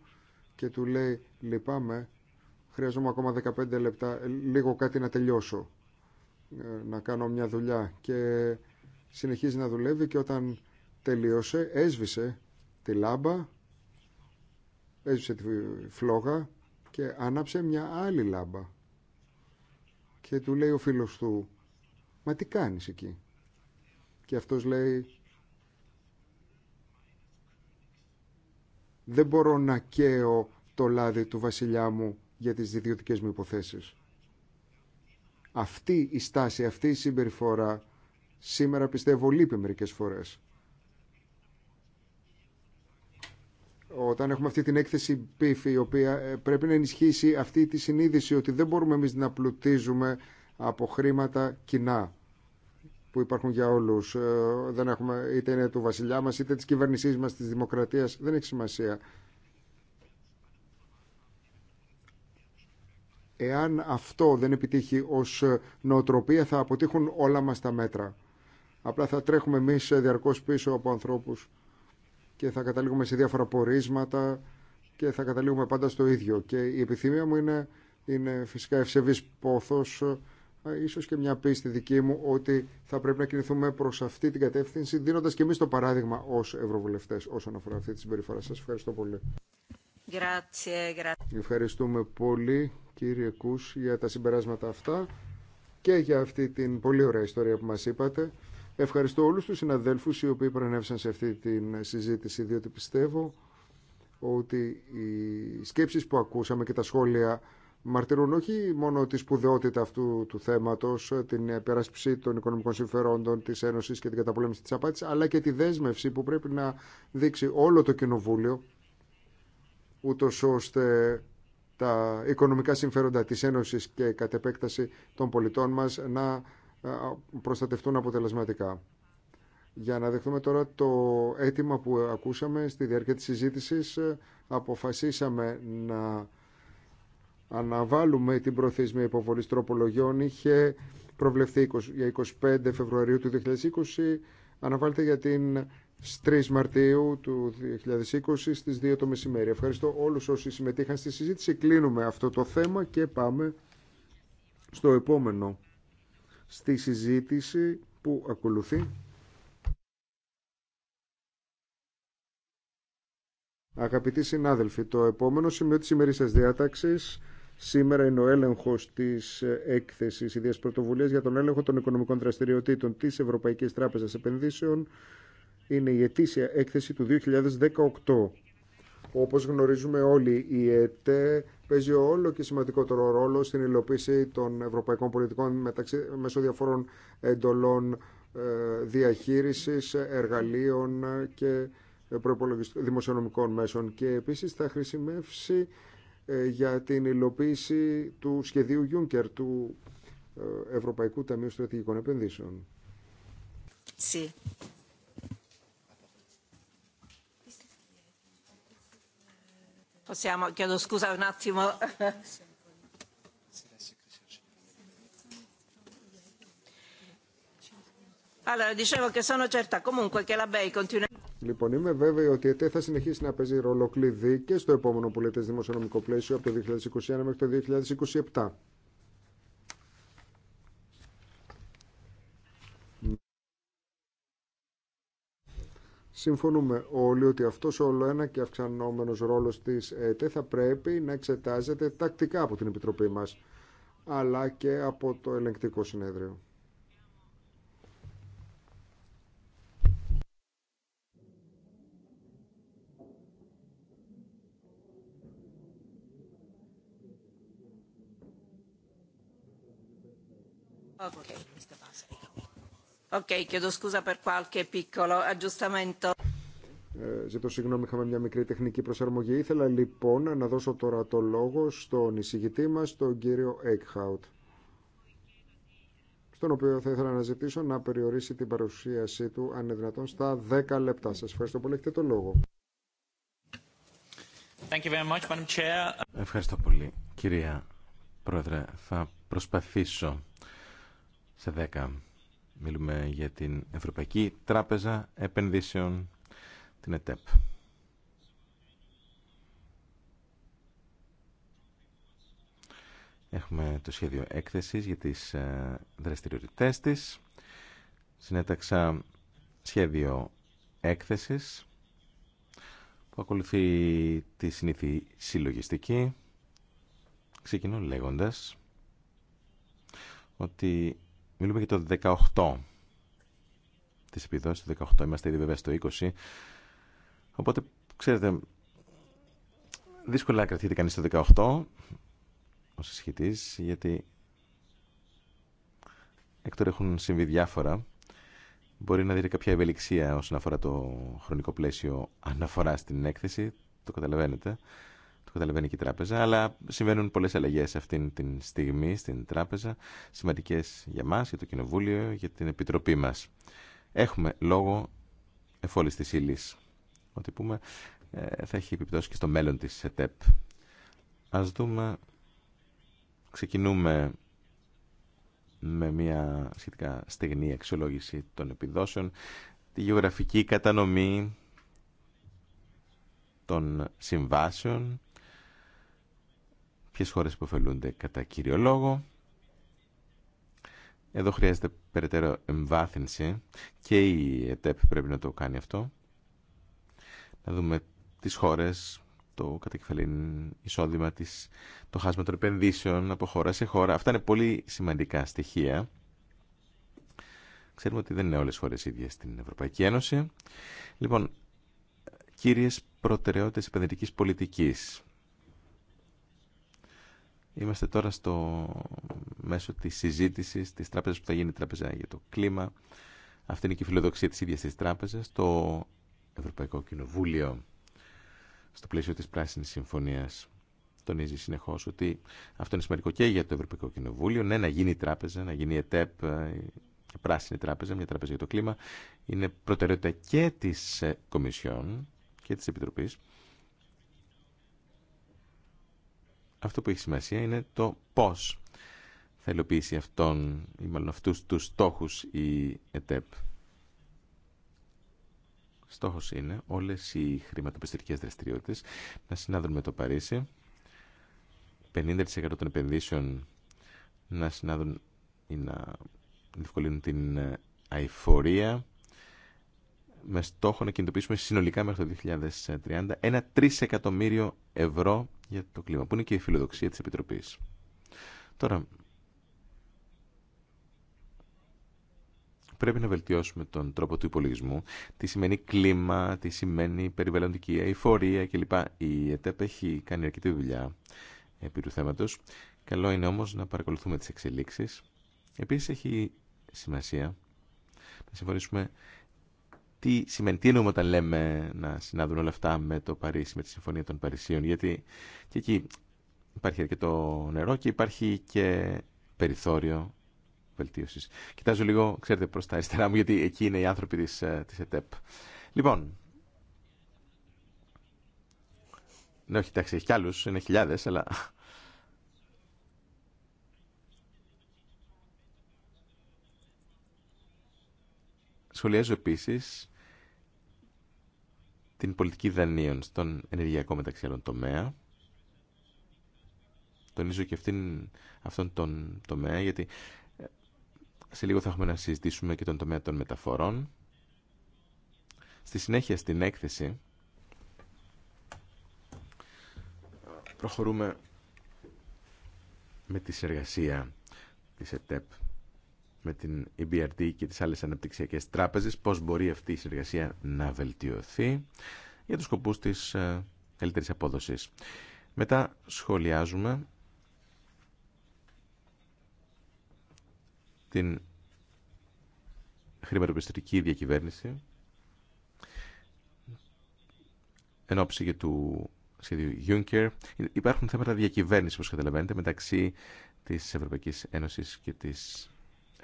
και του λέει λυπάμαι, χρειαζόμαι ακόμα 15 λεπτά, λίγο κάτι να τελειώσω, ε, να κάνω μια δουλειά και συνεχίζει να δουλεύει και όταν τελείωσε έσβησε τη λάμπα, έσβησε τη φλόγα και άναψε μια άλλη λάμπα και του λέει ο φίλος του «Μα τι κάνεις εκεί» και αυτός λέει Δεν μπορώ να καίω το λάδι του βασιλιά μου για τις ιδιωτικές μου υποθέσεις. Αυτή η στάση, αυτή η συμπεριφορά σήμερα πιστεύω λείπει μερικές φορές. Όταν έχουμε αυτή την έκθεση πύφη η οποία ε, πρέπει να ενισχύσει αυτή τη συνείδηση ότι δεν μπορούμε εμείς να πλουτίζουμε από χρήματα κοινά που υπάρχουν για όλου. Ε, δεν είτε είναι του βασιλιά μα, είτε τη κυβέρνησή μα, τη δημοκρατία. Δεν έχει σημασία. Εάν αυτό δεν επιτύχει ως νοοτροπία θα αποτύχουν όλα μας τα μέτρα. Απλά θα τρέχουμε εμεί διαρκώς πίσω από ανθρώπους και θα καταλήγουμε σε διάφορα πορίσματα και θα καταλήγουμε πάντα στο ίδιο. Και η επιθυμία μου είναι, είναι φυσικά ευσεβής πόθος ίσως και μια πίστη δική μου ότι θα πρέπει να κινηθούμε προς αυτή την κατεύθυνση δίνοντας και εμείς το παράδειγμα ως ευρωβουλευτές όσον αφορά αυτή τη συμπεριφορά. Σας ευχαριστώ πολύ. Ευχαριστούμε πολύ κύριε Κούς για τα συμπεράσματα αυτά και για αυτή την πολύ ωραία ιστορία που μας είπατε. Ευχαριστώ όλους τους συναδέλφους οι οποίοι προενέβησαν σε αυτή τη συζήτηση διότι πιστεύω ότι οι σκέψεις που ακούσαμε και τα σχόλια μαρτυρούν όχι μόνο τη σπουδαιότητα αυτού του θέματο, ε, την υπεράσπιση των οικονομικών συμφερόντων τη Ένωση και την καταπολέμηση τη απάτη, αλλά και τη δέσμευση που πρέπει να δείξει όλο το Κοινοβούλιο, ούτω ώστε τα οικονομικά συμφέροντα της Ένωσης και κατ' επέκταση των πολιτών μας να ε, προστατευτούν αποτελεσματικά. Για να δεχτούμε τώρα το αίτημα που ακούσαμε στη διάρκεια της συζήτησης, ε, αποφασίσαμε να αναβάλουμε την προθεσμία υποβολή τροπολογιών είχε προβλεφθεί για 25 Φεβρουαρίου του 2020 αναβάλλεται για την 3 Μαρτίου του 2020 στις 2 το μεσημέρι. Ευχαριστώ όλους όσοι συμμετείχαν στη συζήτηση. Κλείνουμε αυτό το θέμα και πάμε στο επόμενο στη συζήτηση που ακολουθεί. Αγαπητοί συνάδελφοι, το επόμενο σημείο της ημερής σας διάταξης Σήμερα είναι ο έλεγχο τη ε, έκθεση ιδέα πρωτοβουλία για τον έλεγχο των οικονομικών δραστηριοτήτων τη Ευρωπαϊκή Τράπεζα Επενδύσεων. Είναι η ετήσια έκθεση του 2018. Όπως γνωρίζουμε όλοι, η ΕΤΕ παίζει όλο και σημαντικότερο ρόλο στην υλοποίηση των ευρωπαϊκών πολιτικών μεταξύ, μέσω διαφόρων εντολών ε, διαχείρισης, εργαλείων και δημοσιονομικών μέσων. Και επίσης θα χρησιμεύσει ε, για την υλοποίηση του σχεδίου Juncker, του ε, Ευρωπαϊκού Ταμείου Στρατηγικών Επενδύσεων. Sí. Possiamo, chiedo scusa un attimo. Λοιπόν, είμαι βέβαιη ότι η ΕΤΕ θα συνεχίσει να παίζει ρόλο κλειδί και στο επόμενο πολιτέ δημοσιονομικό πλαίσιο από το 2021 μέχρι το 2027. Συμφωνούμε όλοι ότι αυτός όλο ένα και αυξανόμενο ρόλο τη ΕΤΕ θα πρέπει να εξετάζεται τακτικά από την Επιτροπή μα, αλλά και από το ελεγκτικό συνέδριο. aggiustamento. Ε, ζητώ συγγνώμη, είχαμε μια μικρή τεχνική προσαρμογή. Ήθελα λοιπόν να δώσω τώρα το λόγο στον εισηγητή μας, τον κύριο Έκχαουτ, στον οποίο θα ήθελα να ζητήσω να περιορίσει την παρουσίασή του, αν είναι δυνατόν, στα 10 λεπτά. Σας ευχαριστώ πολύ, έχετε το λόγο. Thank you very much, Madam Chair. Ευχαριστώ πολύ, κυρία Πρόεδρε. Θα προσπαθήσω σε 10. Μιλούμε για την Ευρωπαϊκή Τράπεζα Επενδύσεων, την ΕΤΕΠ. Έχουμε το σχέδιο έκθεσης για τις ε, δραστηριότητές της. Συνέταξα σχέδιο έκθεσης που ακολουθεί τη συνήθη συλλογιστική. Ξεκινώ λέγοντας ότι Μιλούμε για το 18. της επιδόσεις το 18. Είμαστε ήδη βέβαια στο 20. Οπότε, ξέρετε, δύσκολα κρατείται κανείς το 18 ως ισχυτής, γιατί έκτορα έχουν συμβεί διάφορα. Μπορεί να δείτε κάποια ευελιξία όσον αφορά το χρονικό πλαίσιο αναφορά στην έκθεση, το καταλαβαίνετε καταλαβαίνει και η τράπεζα, αλλά συμβαίνουν πολλέ αλλαγέ αυτή τη στιγμή στην τράπεζα, σημαντικέ για μα, για το Κοινοβούλιο, για την Επιτροπή μα. Έχουμε λόγο εφόλη τη ύλη. Ό,τι πούμε ε, θα έχει επιπτώσει και στο μέλλον τη ΕΤΕΠ. Α δούμε. Ξεκινούμε με μια σχετικά στεγνή αξιολόγηση των επιδόσεων, τη γεωγραφική κατανομή των συμβάσεων, ποιες χώρες υποφελούνται κατά κύριο λόγο. Εδώ χρειάζεται περαιτέρω εμβάθυνση και η ΕΤΕΠ πρέπει να το κάνει αυτό. Να δούμε τις χώρες, το κατακεφαλήν εισόδημα, της, το χάσμα των επενδύσεων από χώρα σε χώρα. Αυτά είναι πολύ σημαντικά στοιχεία. Ξέρουμε ότι δεν είναι όλες οι χώρες ίδιες στην Ευρωπαϊκή Ένωση. Λοιπόν, κύριες προτεραιότητες επενδυτικής πολιτικής Είμαστε τώρα στο μέσο της συζήτησης της τράπεζας που θα γίνει η τράπεζα για το κλίμα. Αυτή είναι και η φιλοδοξία της ίδιας της τράπεζας, το Ευρωπαϊκό Κοινοβούλιο, στο πλαίσιο της Πράσινης Συμφωνίας. Τονίζει συνεχώς ότι αυτό είναι σημαντικό και για το Ευρωπαϊκό Κοινοβούλιο. Ναι, να γίνει η τράπεζα, να γίνει η ΕΤΕΠ, ε, η Πράσινη Τράπεζα, μια τράπεζα για το κλίμα. Είναι προτεραιότητα και της ε, Κομισιόν και της Επιτροπής. Αυτό που έχει σημασία είναι το πώς θα υλοποιήσει αυτόν ή μάλλον αυτούς τους στόχους η ΕΤΕΠ. Στόχος είναι όλες οι χρηματοπιστωτικές δραστηριότητες να συνάδουν με το Παρίσι, 50% των επενδύσεων να συνάδουν ή να διευκολύνουν την ε, αηφορία, με στόχο να κινητοποιήσουμε συνολικά μέχρι το 2030 ένα 3 εκατομμύριο ευρώ για το κλίμα, που είναι και η φιλοδοξία της Επιτροπής. Τώρα, πρέπει να βελτιώσουμε τον τρόπο του υπολογισμού, τι σημαίνει κλίμα, τι σημαίνει περιβαλλοντική αηφορία κλπ. Η ΕΤΕΠ έχει κάνει αρκετή δουλειά επί του θέματος. Καλό είναι όμως να παρακολουθούμε τις εξελίξεις. Επίσης έχει σημασία να συμφωνήσουμε τι σημαίνει, τι όταν λέμε να συνάδουν όλα αυτά με το Παρίσι, με τη Συμφωνία των Παρισίων, γιατί και εκεί υπάρχει αρκετό νερό και υπάρχει και περιθώριο βελτίωσης. Κοιτάζω λίγο, ξέρετε, προς τα αριστερά μου, γιατί εκεί είναι οι άνθρωποι της, ε, της ΕΤΕΠ. Λοιπόν, ναι, όχι, εντάξει, έχει κι άλλους, είναι χιλιάδες, αλλά... Σχολιάζω επίσης την πολιτική δανείων στον ενεργειακό μεταξύ άλλων τομέα. Τονίζω και αυτήν, αυτόν τον τομέα γιατί ε, σε λίγο θα έχουμε να συζητήσουμε και τον τομέα των μεταφορών. Στη συνέχεια στην έκθεση προχωρούμε με τη συνεργασία της ΕΤΕΠ με την EBRD και τις άλλες αναπτυξιακές τράπεζες, πώς μπορεί αυτή η συνεργασία να βελτιωθεί για τους σκοπούς της ε, καλύτερης απόδοσης. Μετά σχολιάζουμε την χρηματοπιστωτική διακυβέρνηση εν ώψη και του σχεδίου Juncker. Υπάρχουν θέματα διακυβέρνηση, όπω καταλαβαίνετε, μεταξύ της Ευρωπαϊκής Ένωση και της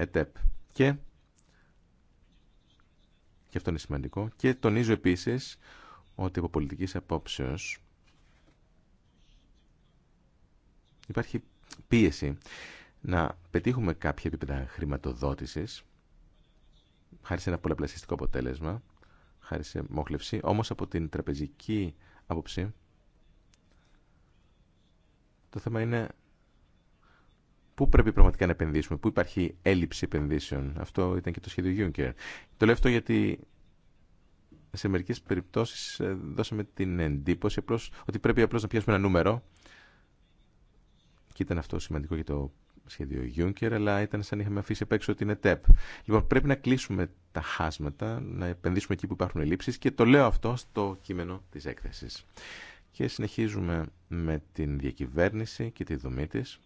ΕΤΕΠ. Και, και αυτό είναι σημαντικό, και τονίζω επίσης ότι από πολιτική απόψεως υπάρχει πίεση να πετύχουμε κάποια επίπεδα χρηματοδότησης χάρη σε ένα πολλαπλασιαστικό αποτέλεσμα, χάρη σε μόχλευση, όμως από την τραπεζική άποψη το θέμα είναι Πού πρέπει πραγματικά να επενδύσουμε, πού υπάρχει έλλειψη επενδύσεων. Αυτό ήταν και το σχέδιο Juncker. Το λέω αυτό γιατί σε μερικέ περιπτώσει ε, δώσαμε την εντύπωση απλώς, ότι πρέπει απλώ να πιάσουμε ένα νούμερο. Και ήταν αυτό σημαντικό για το σχέδιο Juncker, αλλά ήταν σαν είχαμε αφήσει απ' έξω την ΕΤΕΠ. Λοιπόν, πρέπει να κλείσουμε τα χάσματα, να επενδύσουμε εκεί που υπάρχουν ελλείψεις και το λέω αυτό στο κείμενο της έκθεσης. Και συνεχίζουμε με την διακυβέρνηση και τη δομή της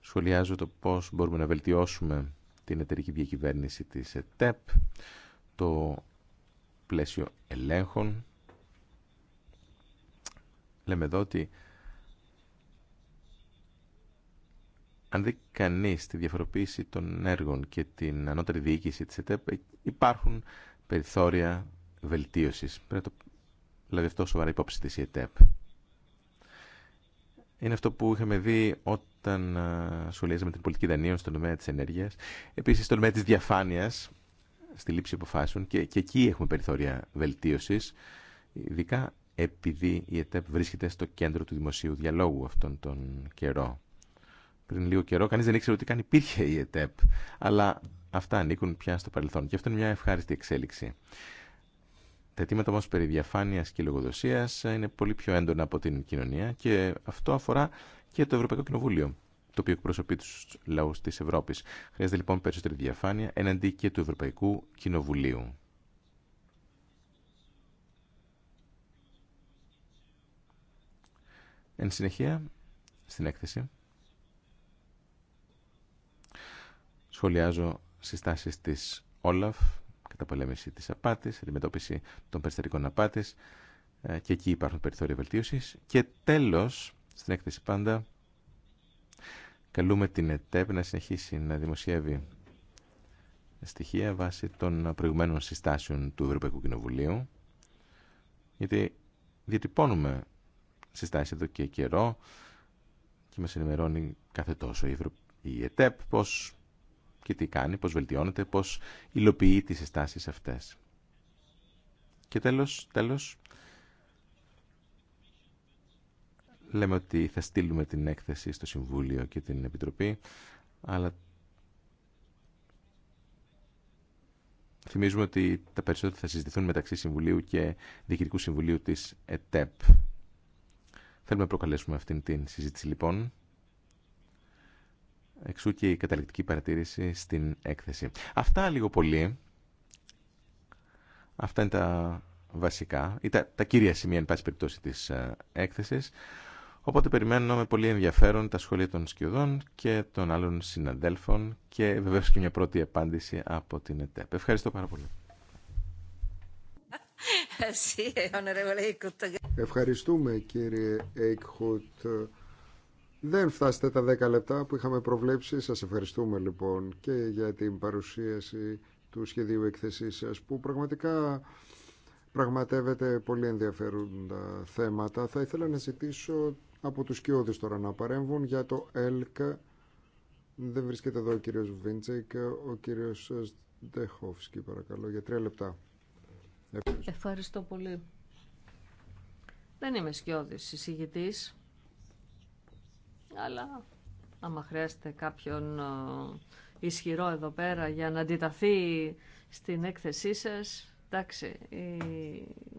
σχολιάζω το πώς μπορούμε να βελτιώσουμε την εταιρική διακυβέρνηση της ΕΤΕΠ, το πλαίσιο ελέγχων. Λέμε εδώ ότι αν δει κανεί τη διαφοροποίηση των έργων και την ανώτερη διοίκηση της ΕΤΕΠ, ε, υπάρχουν περιθώρια βελτίωσης. Πρέπει να το δηλαδή αυτό σοβαρά υπόψη της ΕΤΕΠ. Είναι αυτό που είχαμε δει ότι όταν ε, με την πολιτική δανείων στον τομέα τη ενέργεια. Επίση, στον τομέα τη διαφάνεια στη λήψη αποφάσεων και, και εκεί έχουμε περιθώρια βελτίωση. ειδικά επειδή η ΕΤΕΠ βρίσκεται στο κέντρο του δημοσίου διαλόγου αυτόν τον καιρό. Πριν λίγο καιρό κανεί δεν ήξερε ότι καν υπήρχε η ΕΤΕΠ, αλλά αυτά ανήκουν πια στο παρελθόν και αυτό είναι μια ευχάριστη εξέλιξη. Τα αιτήματα όμω περί διαφάνεια και λογοδοσία είναι πολύ πιο έντονα από την κοινωνία και αυτό αφορά και το Ευρωπαϊκό Κοινοβούλιο, το οποίο εκπροσωπεί του λαού τη Ευρώπη. Χρειάζεται λοιπόν περισσότερη διαφάνεια εναντί και του Ευρωπαϊκού Κοινοβουλίου. Εν συνεχεία, στην έκθεση, σχολιάζω συστάσεις της Όλαφ, καταπολέμηση της απάτης, αντιμετώπιση των περιστατικών απάτης, ε, και εκεί υπάρχουν περιθώρια βελτίωσης. Και τέλος, στην έκθεση πάντα καλούμε την ΕΤΕΠ να συνεχίσει να δημοσιεύει στοιχεία βάσει των προηγουμένων συστάσεων του Ευρωπαϊκού Κοινοβουλίου γιατί διατυπώνουμε συστάσεις εδώ και καιρό και μας ενημερώνει κάθε τόσο η, ΕΤΕΠ πώς και τι κάνει, πώς βελτιώνεται, πώς υλοποιεί τις συστάσεις αυτές. Και τέλος, τέλος, λέμε ότι θα στείλουμε την έκθεση στο Συμβούλιο και την Επιτροπή, αλλά θυμίζουμε ότι τα περισσότερα θα συζητηθούν μεταξύ Συμβουλίου και Διοικητικού Συμβουλίου της ΕΤΕΠ. Θέλουμε να προκαλέσουμε αυτήν την συζήτηση λοιπόν. Εξού και η καταληκτική παρατήρηση στην έκθεση. Αυτά λίγο πολύ. Αυτά είναι τα βασικά ή τα, κύρια σημεία, εν πάση περιπτώσει, της ε, έκθεσης. Οπότε περιμένω με πολύ ενδιαφέρον τα σχόλια των σκιωδών και των άλλων συναντέλφων και βεβαίω και μια πρώτη απάντηση από την ΕΤΕΠ. Ευχαριστώ πάρα πολύ. Ευχαριστούμε κύριε Έικχουτ. Δεν φτάσετε τα 10 λεπτά που είχαμε προβλέψει. Σας ευχαριστούμε λοιπόν και για την παρουσίαση του σχεδίου εκθεσής σας που πραγματικά πραγματεύεται πολύ ενδιαφέροντα θέματα. Θα ήθελα να ζητήσω από τους κοιόδες τώρα να παρέμβουν για το ΕΛΚΑ. δεν βρίσκεται εδώ ο κύριος Βίντσεκ ο κύριος Στεχόφσκι παρακαλώ για τρία λεπτά Ευχαριστώ, πολύ δεν είμαι σκιώδης συζητητής, αλλά άμα χρειάζεται κάποιον ε, ισχυρό εδώ πέρα για να αντιταθεί στην έκθεσή σας εντάξει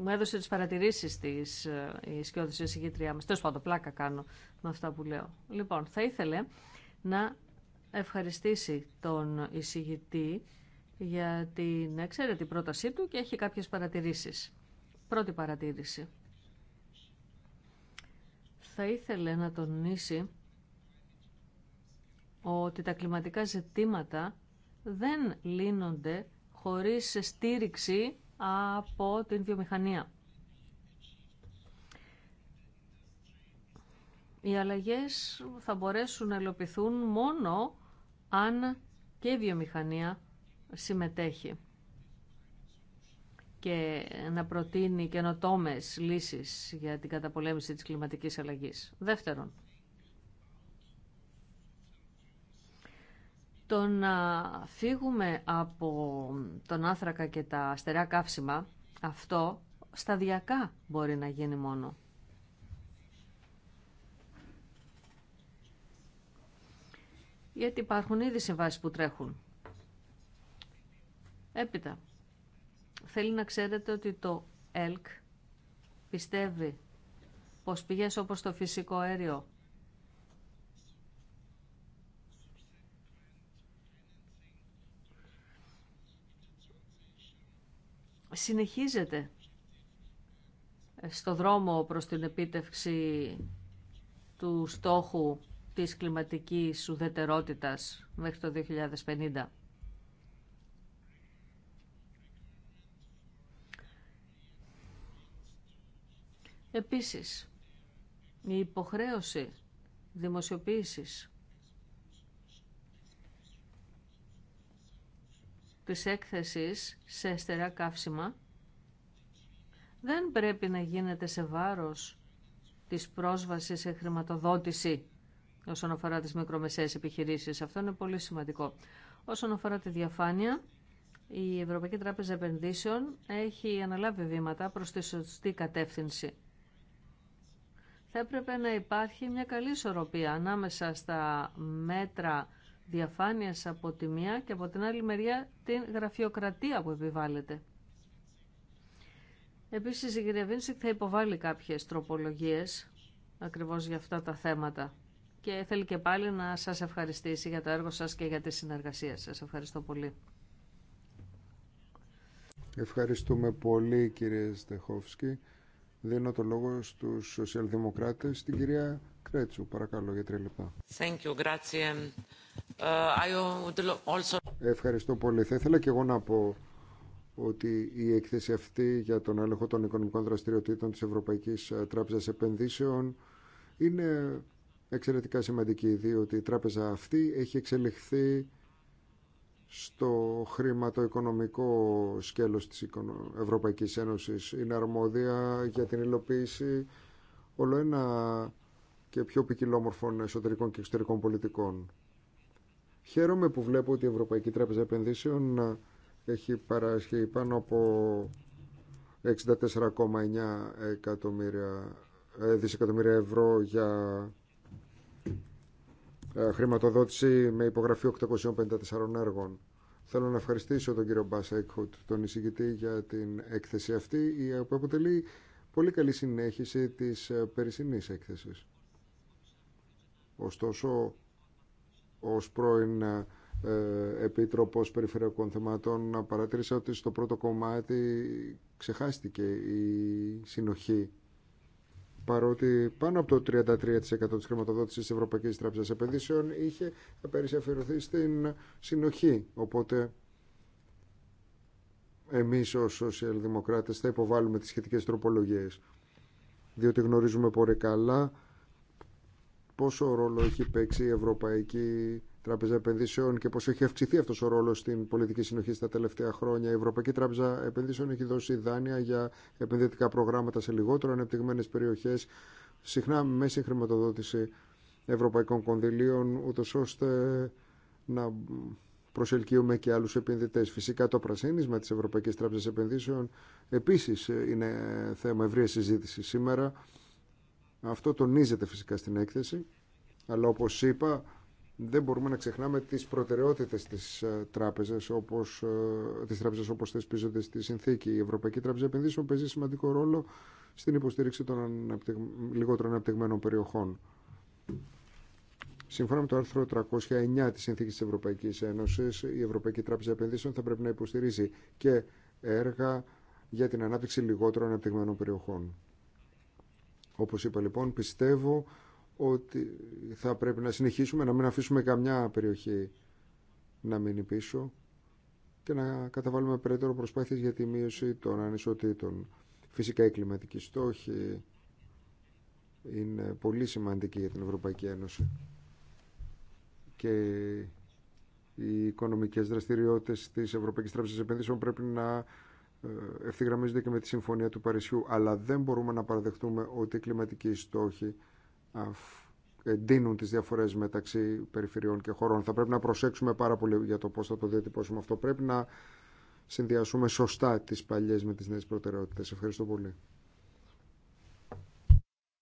μου έδωσε τις παρατηρήσεις της ε, η σκιώδηση εισηγήτριά μας. Τέλος πάντων, πλάκα κάνω με αυτά που λέω. Λοιπόν, θα ήθελε να ευχαριστήσει τον εισηγητή για την εξαίρετη πρότασή του και έχει κάποιες παρατηρήσεις. Πρώτη παρατήρηση. Θα ήθελε να τονίσει ότι τα κλιματικά ζητήματα δεν λύνονται χωρίς στήριξη από την βιομηχανία. Οι αλλαγές θα μπορέσουν να ελοπιθούν μόνο αν και η βιομηχανία συμμετέχει και να προτείνει καινοτόμε λύσεις για την καταπολέμηση της κλιματικής αλλαγής. Δεύτερον, Το να φύγουμε από τον άθρακα και τα αστερά καύσιμα, αυτό σταδιακά μπορεί να γίνει μόνο. Γιατί υπάρχουν ήδη συμβάσεις που τρέχουν. Έπειτα, θέλει να ξέρετε ότι το ΕΛΚ πιστεύει πως πηγές όπως το φυσικό αέριο συνεχίζεται στο δρόμο προς την επίτευξη του στόχου της κλιματικής ουδετερότητας μέχρι το 2050. Επίσης, η υποχρέωση δημοσιοποίησης της έκθεσης σε στερεά καύσιμα δεν πρέπει να γίνεται σε βάρος της πρόσβασης σε χρηματοδότηση όσον αφορά τις μικρομεσαίες επιχειρήσεις. Αυτό είναι πολύ σημαντικό. Όσον αφορά τη διαφάνεια, η Ευρωπαϊκή Τράπεζα Επενδύσεων έχει αναλάβει βήματα προς τη σωστή κατεύθυνση. Θα έπρεπε να υπάρχει μια καλή ισορροπία ανάμεσα στα μέτρα διαφάνειας από τη μία και από την άλλη μεριά την γραφειοκρατία που επιβάλλεται. Επίσης η κυρία Βίνσικ θα υποβάλει κάποιες τροπολογίες ακριβώς για αυτά τα θέματα και θέλει και πάλι να σας ευχαριστήσει για το έργο σας και για τη συνεργασία σας. Ευχαριστώ πολύ. Ευχαριστούμε πολύ κύριε Στεχόφσκι. Δίνω το λόγο στους σοσιαλδημοκράτες, την κυρία Κρέτσου, παρακαλώ για τρία λεπτά. Thank you, ε, also... Ευχαριστώ πολύ. Θα ήθελα και εγώ να πω ότι η έκθεση αυτή για τον έλεγχο των οικονομικών δραστηριοτήτων της Ευρωπαϊκής Τράπεζας Επενδύσεων είναι εξαιρετικά σημαντική, διότι η τράπεζα αυτή έχει εξελιχθεί στο χρηματοοικονομικό σκέλος της Ευρωπαϊκής Ένωσης είναι αρμόδια για την υλοποίηση όλο ένα και πιο ποικιλόμορφων εσωτερικών και εξωτερικών πολιτικών. Χαίρομαι που βλέπω ότι η Ευρωπαϊκή Τράπεζα Επενδύσεων έχει παράσχει πάνω από 64,9 ε, δισεκατομμύρια ευρώ για ε, χρηματοδότηση με υπογραφή 854 έργων. Θέλω να ευχαριστήσω τον κύριο Μπάσα Εκχουτ, τον εισηγητή, για την έκθεση αυτή, που αποτελεί πολύ καλή συνέχιση της ε, περσινή έκθεσης. Ωστόσο, ως πρώην ε, Επίτροπος Περιφερειακών Θεμάτων παρατήρησα ότι στο πρώτο κομμάτι ξεχάστηκε η συνοχή παρότι πάνω από το 33% της χρηματοδότησης της Ευρωπαϊκής Τράπεζας Επενδύσεων είχε περισσαφιερωθεί στην συνοχή. Οπότε εμείς ως σοσιαλδημοκράτες θα υποβάλουμε τις σχετικές τροπολογίες, διότι γνωρίζουμε πολύ καλά πόσο ρόλο έχει παίξει η Ευρωπαϊκή Τράπεζα Επενδύσεων και πώ έχει αυξηθεί αυτό ο ρόλο στην πολιτική συνοχή στα τελευταία χρόνια. Η Ευρωπαϊκή Τράπεζα Επενδύσεων έχει δώσει δάνεια για επενδυτικά προγράμματα σε λιγότερο ανεπτυγμένε περιοχέ, συχνά με χρηματοδότηση ευρωπαϊκών κονδυλίων, ούτω ώστε να προσελκύουμε και άλλου επενδυτέ. Φυσικά το πρασίνισμα τη Ευρωπαϊκή Τράπεζα Επενδύσεων επίση είναι θέμα ευρεία συζήτηση σήμερα. Αυτό τονίζεται φυσικά στην έκθεση, αλλά όπως είπα δεν μπορούμε να ξεχνάμε τις προτεραιότητες της ε, τράπεζας όπως, ε, της τράπεζας όπως θεσπίζονται στη συνθήκη. Η Ευρωπαϊκή Τράπεζα Επενδύσεων παίζει σημαντικό ρόλο στην υποστήριξη των αναπτυγ... λιγότερων αναπτυγμένων περιοχών. Σύμφωνα με το άρθρο 309 της Συνθήκης της Ευρωπαϊκής Ένωσης, η Ευρωπαϊκή Τράπεζα Επενδύσεων θα πρέπει να υποστηρίζει και έργα για την ανάπτυξη λιγότερων αναπτυγμένων περιοχών. Όπως είπα λοιπόν, πιστεύω ότι θα πρέπει να συνεχίσουμε να μην αφήσουμε καμιά περιοχή να μείνει πίσω και να καταβάλουμε περαιτέρω προσπάθειες για τη μείωση των ανισοτήτων. Φυσικά οι κλιματικοί στόχοι είναι πολύ σημαντικοί για την Ευρωπαϊκή Ένωση και οι οικονομικές δραστηριότητες της Ευρωπαϊκής Τράπεζας Επενδύσεων πρέπει να ε, ευθυγραμμίζονται και με τη Συμφωνία του Παρισιού αλλά δεν μπορούμε να παραδεχτούμε ότι οι κλιματικοί στόχοι εντείνουν τις διαφορές μεταξύ περιφερειών και χωρών. Θα πρέπει να προσέξουμε πάρα πολύ για το πώς θα το διατυπώσουμε αυτό. Πρέπει να συνδυασούμε σωστά τις παλιές με τις νέες προτεραιότητες. Ευχαριστώ πολύ.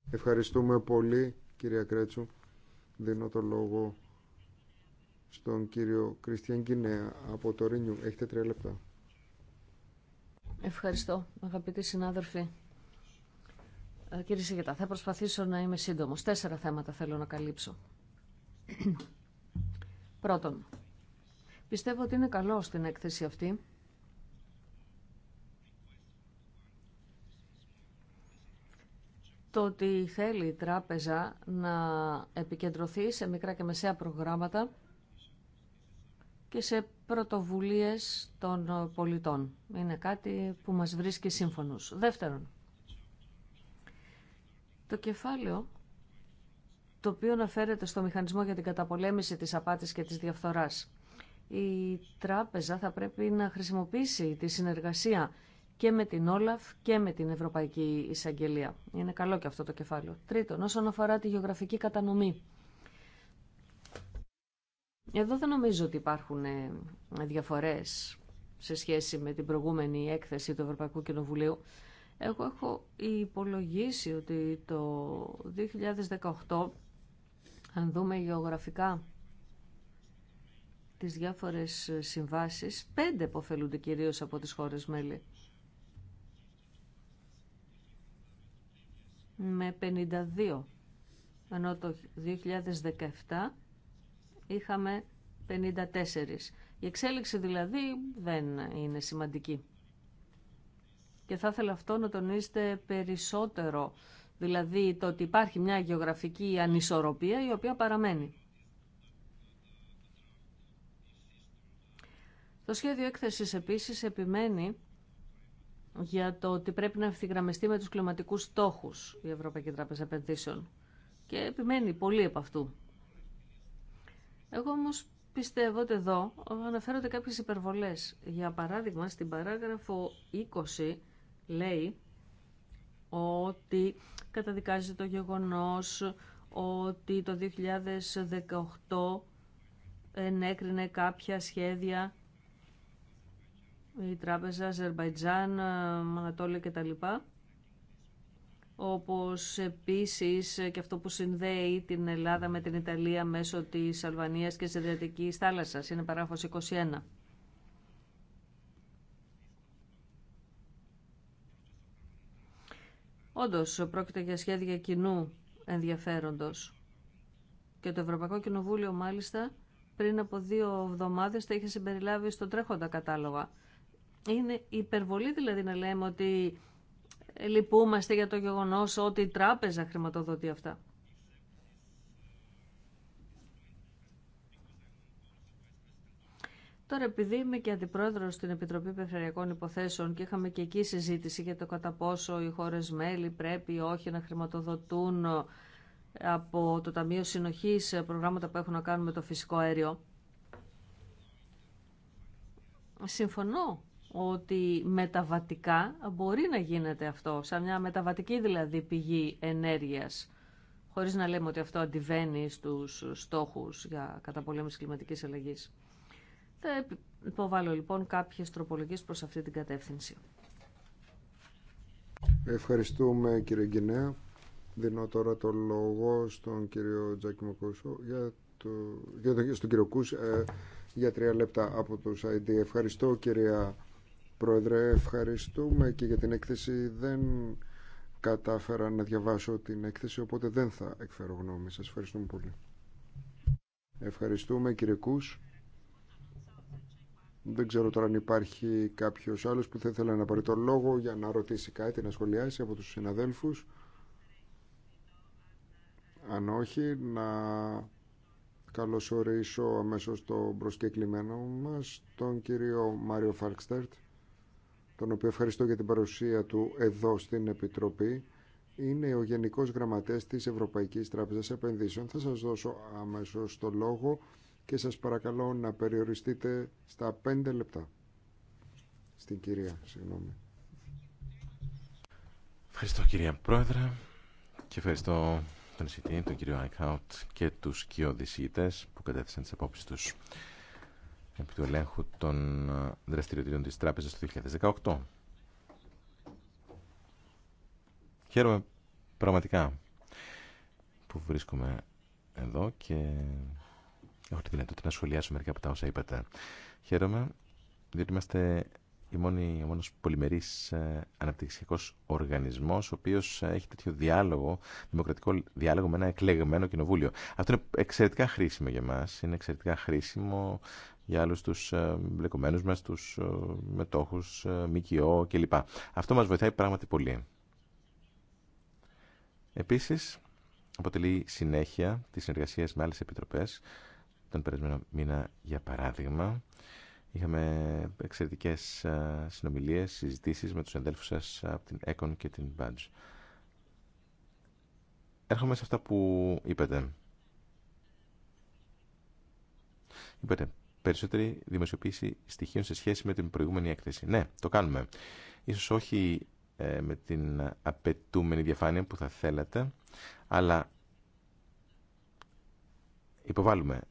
Ευχαριστούμε πολύ κυρία Κρέτσου. Δίνω το λόγο στον κύριο Κριστιαν Κινέα από το Ρήνιου. Έχετε τρία λεπτά. Ευχαριστώ αγαπητοί συνάδελφοι. Ε, κύριε Σιγητά, θα προσπαθήσω να είμαι σύντομος. Τέσσερα θέματα θέλω να καλύψω. Πρώτον, πιστεύω ότι είναι καλό στην έκθεση αυτή το ότι θέλει η τράπεζα να επικεντρωθεί σε μικρά και μεσαία προγράμματα και σε πρωτοβουλίες των πολιτών. Είναι κάτι που μας βρίσκει σύμφωνος. Δεύτερον, το κεφάλαιο το οποίο αναφέρεται στο μηχανισμό για την καταπολέμηση της απάτης και της διαφθοράς. Η τράπεζα θα πρέπει να χρησιμοποιήσει τη συνεργασία και με την Όλαφ και με την Ευρωπαϊκή Εισαγγελία. Είναι καλό και αυτό το κεφάλαιο. Τρίτον, όσον αφορά τη γεωγραφική κατανομή. Εδώ δεν νομίζω ότι υπάρχουν ε, διαφορές σε σχέση με την προηγούμενη έκθεση του Ευρωπαϊκού Κοινοβουλίου. Εγώ έχω υπολογίσει ότι το 2018, αν δούμε γεωγραφικά τις διάφορες συμβάσεις, πέντε υποφελούνται κυρίως από τις χώρες μέλη. Με 52, ενώ το 2017 είχαμε 54. Η εξέλιξη δηλαδή δεν είναι σημαντική και θα ήθελα αυτό να τονίσετε περισσότερο. Δηλαδή το ότι υπάρχει μια γεωγραφική ανισορροπία η οποία παραμένει. Το σχέδιο έκθεσης επίσης επιμένει για το ότι πρέπει να ευθυγραμμιστεί με τους κλιματικούς στόχους η Ευρωπαϊκή Τράπεζα Επενδύσεων και επιμένει πολύ από αυτού. Εγώ όμως πιστεύω ότι εδώ αναφέρονται κάποιες υπερβολές. Για παράδειγμα, στην παράγραφο 20 λέει ότι καταδικάζει το γεγονός ότι το 2018 ενέκρινε κάποια σχέδια η τράπεζα Αζερβαϊτζάν, Ανατόλια κτλ. Όπως επίσης και αυτό που συνδέει την Ελλάδα με την Ιταλία μέσω της Αλβανίας και της Αδριατικής θάλασσας. Είναι παράγραφος 21. Όντω πρόκειται για σχέδια κοινού ενδιαφέροντος. Και το Ευρωπαϊκό Κοινοβούλιο, μάλιστα, πριν από δύο εβδομάδες τα είχε συμπεριλάβει στο τρέχοντα κατάλογα. Είναι υπερβολή δηλαδή να λέμε ότι λυπούμαστε για το γεγονό ότι η τράπεζα χρηματοδοτεί αυτά. Τώρα επειδή είμαι και αντιπρόεδρο στην Επιτροπή Περιφερειακών Υποθέσεων και είχαμε και εκεί συζήτηση για το κατά πόσο οι χώρε μέλη πρέπει ή όχι να χρηματοδοτούν ε, από το Ταμείο Συνοχής ε, προγράμματα που έχουν να κάνουν με το φυσικό αέριο. Συμφωνώ ότι μεταβατικά μπορεί να γίνεται αυτό, σαν μια μεταβατική δηλαδή πηγή ενέργειας, χωρίς να λέμε ότι αυτό αντιβαίνει στους στόχους για καταπολέμηση κλιματικής αλλαγής. Θα υποβάλω λοιπόν κάποιες τροπολογίες προς αυτή την κατεύθυνση. Ευχαριστούμε κύριε Γκινέα. Δίνω τώρα το λόγο στον κύριο Τζάκη για το, για το, στον κύριο Κούς ε, για τρία λεπτά από το ID. Ευχαριστώ κυρία Πρόεδρε, ευχαριστούμε και για την έκθεση. Δεν κατάφερα να διαβάσω την έκθεση, οπότε δεν θα εκφέρω γνώμη. Σας ευχαριστούμε πολύ. Ευχαριστούμε κύριε Κούς. Δεν ξέρω τώρα αν υπάρχει κάποιος άλλος που θα ήθελε να πάρει τον λόγο για να ρωτήσει κάτι, να σχολιάσει από τους συναδέλφους. Αν όχι, να καλωσορίσω αμέσω το προσκεκλημένο μας, τον κύριο Μάριο Φάρκστερτ, τον οποίο ευχαριστώ για την παρουσία του εδώ στην Επιτροπή. Είναι ο Γενικός Γραμματέας της Ευρωπαϊκής Τράπεζας Επενδύσεων. Θα σας δώσω αμέσως το λόγο και σας παρακαλώ να περιοριστείτε στα πέντε λεπτά. Στην κυρία, συγγνώμη. Ευχαριστώ κυρία Πρόεδρε και ευχαριστώ τον εισηγητή, τον κύριο Αϊκάουτ και τους κοιοδησίτες που κατέθεσαν τις απόψεις τους επί του ελέγχου των δραστηριοτήτων της Τράπεζας του 2018. Χαίρομαι πραγματικά που βρίσκομαι εδώ και έχω τη δυνατότητα να σχολιάσω μερικά από τα όσα είπατε. Χαίρομαι, διότι είμαστε η μόνη, ο μόνος πολυμερής ε, αναπτυξιακό οργανισμός ο οποίος ε, έχει τέτοιο διάλογο, δημοκρατικό διάλογο με ένα εκλεγμένο κοινοβούλιο. Αυτό είναι εξαιρετικά χρήσιμο για μας, είναι εξαιρετικά χρήσιμο για άλλου του ε, μπλεκομένου μα του μετόχου, ΜΚΟ κλπ. Αυτό μα βοηθάει πράγματι πολύ. Επίσης, αποτελεί συνέχεια τη συνεργασία με άλλες επιτροπές τον περασμένο μήνα για παράδειγμα. Είχαμε εξαιρετικές συνομιλίες, συζητήσεις με τους αδέλφους σας από την ΕΚΟΝ και την BADGE. Έρχομαι σε αυτά που είπατε. Είπατε, περισσότερη δημοσιοποίηση στοιχείων σε σχέση με την προηγούμενη έκθεση. Ναι, το κάνουμε. Ίσως όχι ε, με την απαιτούμενη διαφάνεια που θα θέλατε, αλλά υποβάλλουμε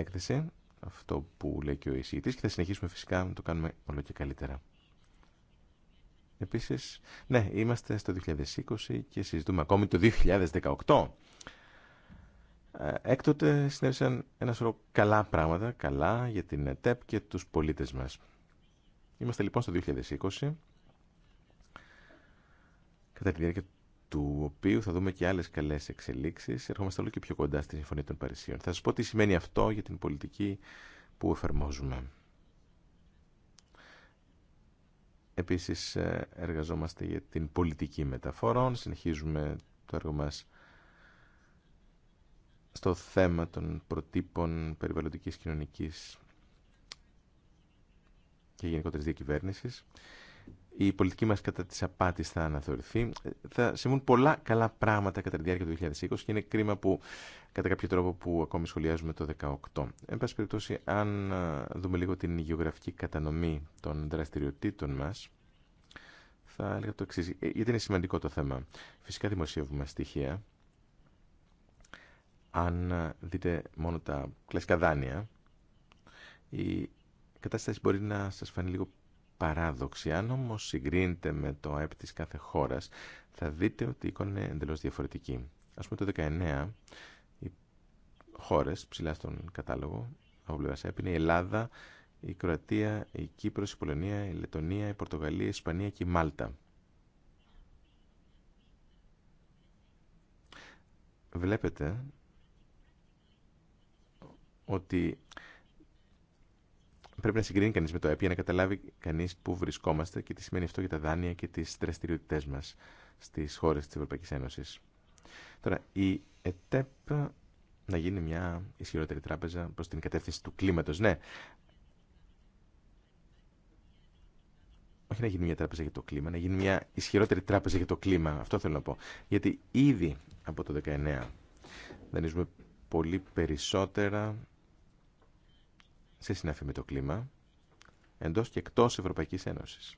έκθεση, αυτό που λέει και ο εισηγητής και θα συνεχίσουμε φυσικά να το κάνουμε όλο και καλύτερα. Επίσης, ναι, είμαστε στο 2020 και συζητούμε ακόμη το 2018. Ε, έκτοτε συνέβησαν ένα σωρό καλά πράγματα, καλά για την ΕΤΕΠ και τους πολίτες μας. Είμαστε λοιπόν στο 2020, κατά τη διάρκεια του οποίου θα δούμε και άλλες καλές εξελίξεις. Ερχόμαστε όλο και πιο κοντά στη Συμφωνία των Παρισίων. Θα σας πω τι σημαίνει αυτό για την πολιτική που εφαρμόζουμε. Επίσης ε, εργαζόμαστε για την πολιτική μεταφορών. Συνεχίζουμε το έργο μας στο θέμα των προτύπων περιβαλλοντικής κοινωνικής και γενικότερης διακυβέρνησης η πολιτική μας κατά της απάτης θα αναθεωρηθεί. Ε, θα συμβούν πολλά καλά πράγματα κατά τη διάρκεια του 2020 και είναι κρίμα που κατά κάποιο τρόπο που ακόμη σχολιάζουμε το 2018. Εν πάση περιπτώσει, αν δούμε λίγο την γεωγραφική κατανομή των δραστηριοτήτων μας, θα έλεγα το εξή, ε, γιατί είναι σημαντικό το θέμα. Φυσικά δημοσιεύουμε στοιχεία. Αν δείτε μόνο τα κλασικά δάνεια, η κατάσταση μπορεί να σας φανεί λίγο παράδοξη. Αν όμω συγκρίνετε με το ΑΕΠ της κάθε χώρα, θα δείτε ότι η εικόνα είναι εντελώ διαφορετική. Ας πούμε το 19, οι χώρε ψηλά στον κατάλογο, από πλευρά ΑΕΠ, είναι η Ελλάδα, η Κροατία, η Κύπρος, η Πολωνία, η Λετωνία, η Πορτογαλία, η Ισπανία και η Μάλτα. Βλέπετε ότι πρέπει να συγκρίνει κανείς με το ΕΠ για να καταλάβει κανείς πού βρισκόμαστε και τι σημαίνει αυτό για τα δάνεια και τις δραστηριότητε μας στις χώρες της Ευρωπαϊκή Ένωση. Τώρα, η ΕΤΕΠ να γίνει μια ισχυρότερη τράπεζα προς την κατεύθυνση του κλίματος, ναι. Όχι να γίνει μια τράπεζα για το κλίμα, να γίνει μια ισχυρότερη τράπεζα για το κλίμα. Αυτό θέλω να πω. Γιατί ήδη από το 19 δανείζουμε πολύ περισσότερα σε συνάφη με το κλίμα εντός και εκτός Ευρωπαϊκής Ένωσης.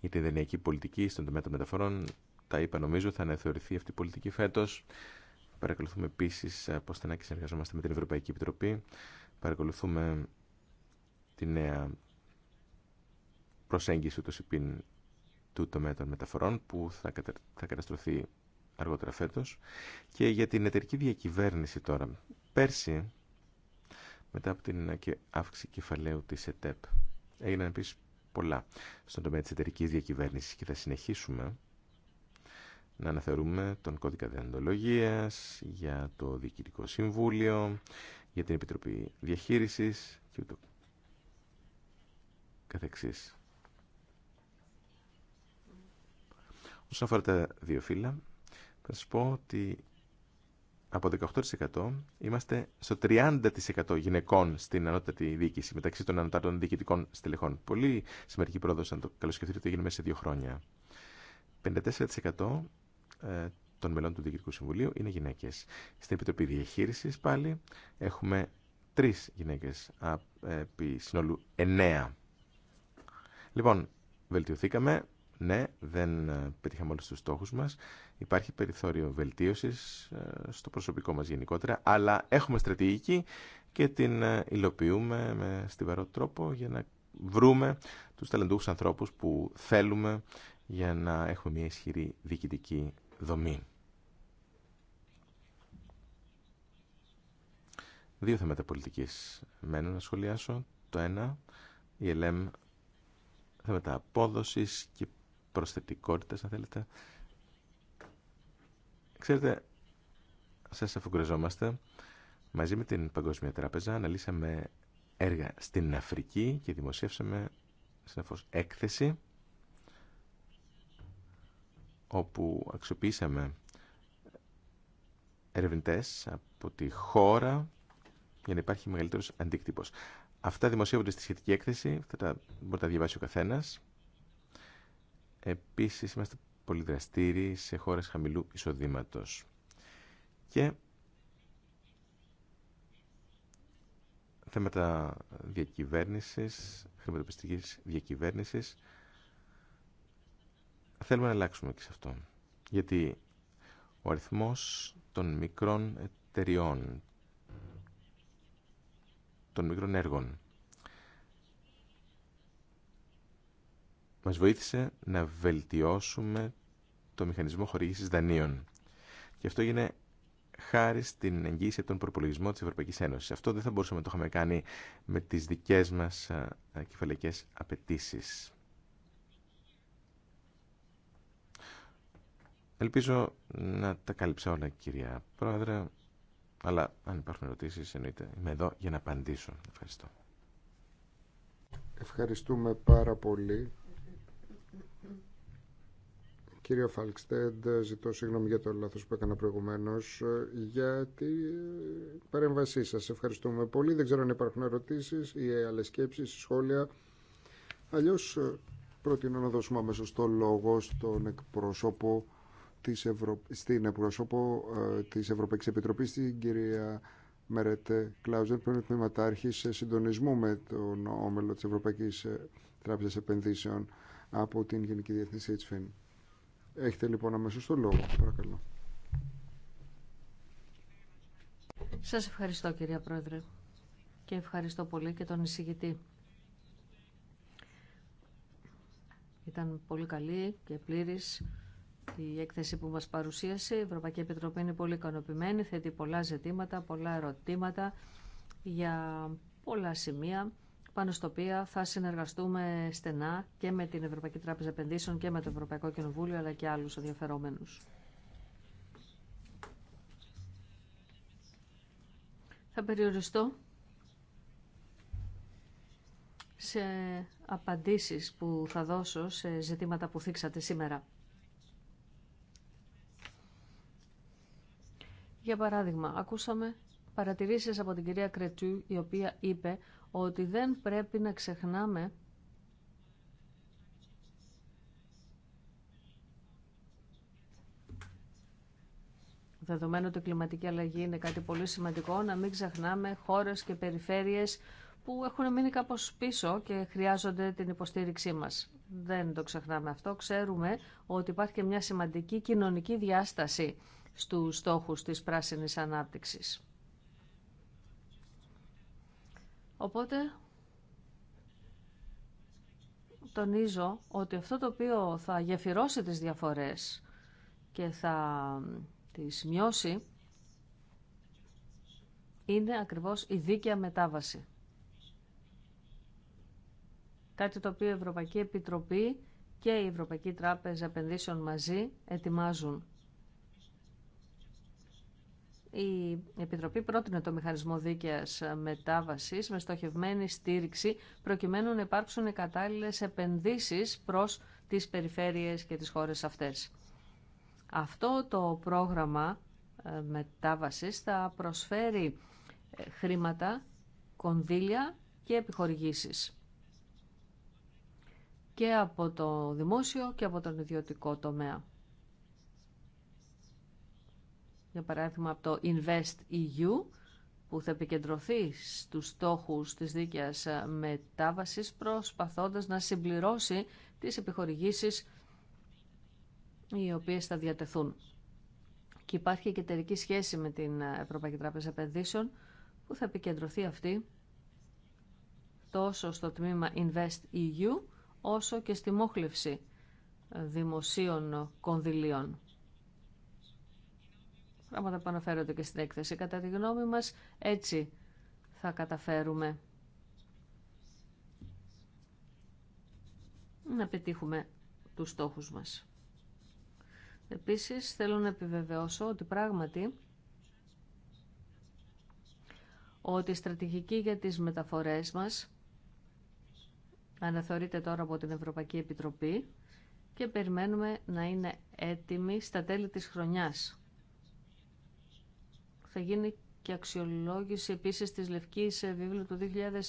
Η τεδενιακή πολιτική στον τομέα των μεταφορών, τα είπα νομίζω, θα αναθεωρηθεί αυτή η πολιτική φέτος. Παρακολουθούμε επίσης ε, πώς θα να συνεργαζόμαστε με την Ευρωπαϊκή Επιτροπή. Παρακολουθούμε τη νέα προσέγγιση του του τομέα των μεταφορών που θα, καταστρωθεί αργότερα φέτο. Και για την εταιρική διακυβέρνηση τώρα. Πέρσι, μετά από την αύξηση κεφαλαίου της ΕΤΕΠ, έγιναν επίσης πολλά στον τομέα της εταιρική διακυβέρνηση και θα συνεχίσουμε να αναθεωρούμε τον κώδικα διαντολογίας, για το Διοικητικό Συμβούλιο, για την Επιτροπή Διαχείρισης και ούτω καθεξής. Όσον αφορά τα δύο φύλλα, θα σας πω ότι από 18% είμαστε στο 30% γυναικών στην ανώτατη διοίκηση μεταξύ των ανώτατων διοικητικών στελεχών. Πολύ σημαντική πρόοδος, αν το καλοσκεφτείτε, το γίνει μέσα σε δύο χρόνια. 54% ε, των μελών του Διοικητικού Συμβουλίου είναι γυναίκες. Στην Επιτροπή Διαχείρισης πάλι έχουμε τρεις γυναίκες ε, επί συνόλου εννέα. Λοιπόν, βελτιωθήκαμε, ναι, δεν ε, πετύχαμε όλους τους στόχους μας. Υπάρχει περιθώριο βελτίωσης ε, στο προσωπικό μας γενικότερα, αλλά έχουμε στρατηγική και την ε, υλοποιούμε με στιβαρό τρόπο για να βρούμε τους ταλεντούχους ανθρώπους που θέλουμε για να έχουμε μια ισχυρή διοικητική δομή. Δύο θέματα πολιτικής μένω να σχολιάσω. Το ένα, η ΕΛΕΜ θέματα απόδοσης και προσθετικότητας, αν θέλετε. Ξέρετε, σας αφουγκραζόμαστε. Μαζί με την Παγκόσμια Τράπεζα αναλύσαμε έργα στην Αφρική και δημοσίευσαμε φως έκθεση όπου αξιοποιήσαμε ερευνητές από τη χώρα για να υπάρχει μεγαλύτερος αντίκτυπος. Αυτά δημοσιεύονται στη σχετική έκθεση, αυτά τα μπορεί να διαβάσει ο καθένας. Επίσης είμαστε πολυδραστήριοι σε χώρες χαμηλού εισοδήματος. Και θέματα διακυβέρνησης, χρηματοπιστικής διακυβέρνησης, θέλουμε να αλλάξουμε και σε αυτό. Γιατί ο αριθμός των μικρών εταιριών, των μικρών έργων, μας βοήθησε να βελτιώσουμε το μηχανισμό χορήγησης δανείων. Και αυτό έγινε χάρη στην εγγύηση των τον προπολογισμό της Ευρωπαϊκής Ένωσης. Αυτό δεν θα μπορούσαμε να το είχαμε κάνει με τις δικές μας κεφαλαϊκές απαιτήσει. Ελπίζω να τα κάλυψα όλα, κυρία Πρόεδρε, αλλά αν υπάρχουν ερωτήσεις, εννοείται, είμαι εδώ για να απαντήσω. Ευχαριστώ. Ευχαριστούμε πάρα πολύ. Κύριο Φαλκστέντ, ζητώ συγγνώμη για το λάθος που έκανα προηγουμένως ε, για την παρέμβασή σας. Ευχαριστούμε πολύ. Δεν ξέρω αν υπάρχουν ερωτήσεις ή άλλε σκέψεις, σχόλια. Αλλιώς ε, προτείνω να δώσουμε αμέσω το λόγο στον εκπρόσωπο της στην εκπρόσωπο ε, της Ευρωπαϊκής Επιτροπής, την κυρία Μερέτε Κλάουζερ, που είναι τμήματάρχη σε συντονισμό με τον όμελο της Ευρωπαϊκής Τράπεζας Επενδύσεων από την Γενική Διεθνή Σιτσφέν. Έχετε λοιπόν αμέσω το λόγο. Παρακαλώ. Σας ευχαριστώ κυρία Πρόεδρε και ευχαριστώ πολύ και τον εισηγητή. Ήταν πολύ καλή και πλήρης η έκθεση που μας παρουσίασε. Η Ευρωπαϊκή Επιτροπή είναι πολύ ικανοποιημένη, θέτει πολλά ζητήματα, πολλά ερωτήματα για πολλά σημεία πάνω στο οποίο θα συνεργαστούμε στενά και με την Ευρωπαϊκή Τράπεζα Επενδύσεων και με το Ευρωπαϊκό Κοινοβούλιο αλλά και άλλους ενδιαφερόμενους. Θα περιοριστώ σε απαντήσεις που θα δώσω σε ζητήματα που θίξατε σήμερα. Για παράδειγμα, ακούσαμε παρατηρήσεις από την κυρία Κρετού η οποία είπε ότι δεν πρέπει να ξεχνάμε δεδομένου ότι η κλιματική αλλαγή είναι κάτι πολύ σημαντικό, να μην ξεχνάμε χώρες και περιφέρειες που έχουν μείνει κάπως πίσω και χρειάζονται την υποστήριξή μας. Δεν το ξεχνάμε αυτό. Ξέρουμε ότι υπάρχει και μια σημαντική κοινωνική διάσταση στους στόχους της πράσινης ανάπτυξης. Οπότε τονίζω ότι αυτό το οποίο θα γεφυρώσει τις διαφορές και θα τις μειώσει είναι ακριβώς η δίκαια μετάβαση. Κάτι το οποίο η Ευρωπαϊκή Επιτροπή και η Ευρωπαϊκή Τράπεζα Επενδύσεων μαζί ετοιμάζουν η Επιτροπή πρότεινε το μηχανισμό Δίκαια μετάβαση με στοχευμένη στήριξη προκειμένου να υπάρξουν κατάλληλε επενδύσεις προς τις περιφέρειες και τις χώρες αυτές. Αυτό το πρόγραμμα ε, μετάβαση θα προσφέρει ε, χρήματα, κονδύλια και επιχορηγήσεις και από το δημόσιο και από τον ιδιωτικό τομέα για παράδειγμα από το Invest EU, που θα επικεντρωθεί στους στόχους της δίκαιας ε, μετάβασης, προσπαθώντας να συμπληρώσει τις επιχορηγήσεις οι οποίες θα διατεθούν. Και υπάρχει και εταιρική σχέση με την ε, Ευρωπαϊκή Τράπεζα Επενδύσεων, που θα επικεντρωθεί αυτή τόσο στο τμήμα Invest EU, όσο και στη μόχλευση ε, δημοσίων κονδυλίων πράγματα που αναφέρονται και στην έκθεση. Κατά τη γνώμη μας έτσι θα καταφέρουμε να πετύχουμε τους στόχους μας. Επίσης θέλω να επιβεβαιώσω ότι πράγματι ότι η στρατηγική για τις μεταφορές μας αναθεωρείται τώρα από την Ευρωπαϊκή Επιτροπή και περιμένουμε να είναι έτοιμη στα τέλη της χρονιάς. Θα γίνει και αξιολόγηση επίσης της Λευκής Βίβλου του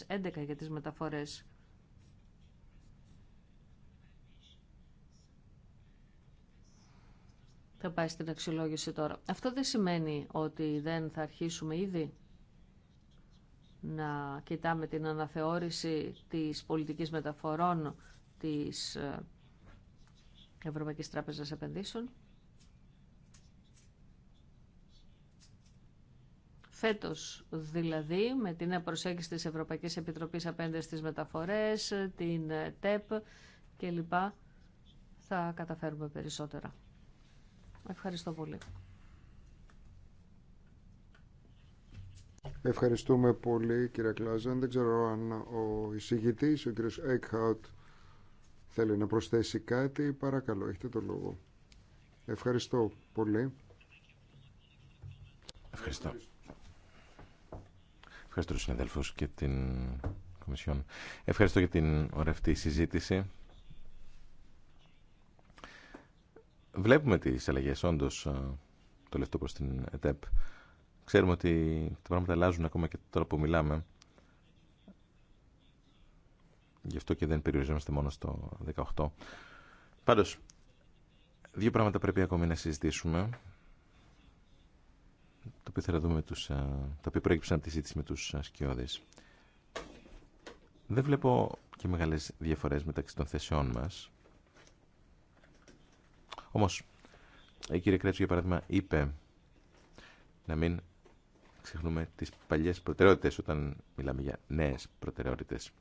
2011 για τις μεταφορές. Θα πάει στην αξιολόγηση τώρα. Αυτό δεν σημαίνει ότι δεν θα αρχίσουμε ήδη να κοιτάμε την αναθεώρηση της πολιτικής μεταφορών της ε, Ευρωπαϊκής Τράπεζας Επενδύσεων. Φέτος δηλαδή, με την προσέγγιση της Ευρωπαϊκής Επιτροπής απέναντι στις μεταφορές, την ε, ΤΕΠ κλπ. θα καταφέρουμε περισσότερα. Ευχαριστώ πολύ. Ευχαριστούμε πολύ κύριε Κλάζαν. Δεν ξέρω αν ο εισηγητής, ο κύριος Έκχαουτ, θέλει να προσθέσει κάτι. Παρακαλώ, έχετε το λόγο. Ευχαριστώ πολύ. Ευχαριστώ. Ευχαριστώ τους συναδέλφους και την Κομισιόν. Ευχαριστώ για την ωραία αυτή συζήτηση. Βλέπουμε τι αλλαγέ όντω ε, το λεφτό προς την ΕΤΕΠ. Ξέρουμε ότι τα πράγματα αλλάζουν ακόμα και τώρα που μιλάμε. Γι' αυτό και δεν περιοριζόμαστε μόνο στο 18. Πάντως, δύο πράγματα πρέπει ακόμη να συζητήσουμε το οποίο θα δούμε τους, τα οποία προέκυψαν τη συζήτηση με τους ασκιώδες. Δεν βλέπω και μεγάλες διαφορές μεταξύ των θέσεών μας. Όμως, η κυρία Κρέτσου, για παράδειγμα, είπε να μην ξεχνούμε τις παλιές προτεραιότητες όταν μιλάμε για νέες προτεραιότητες.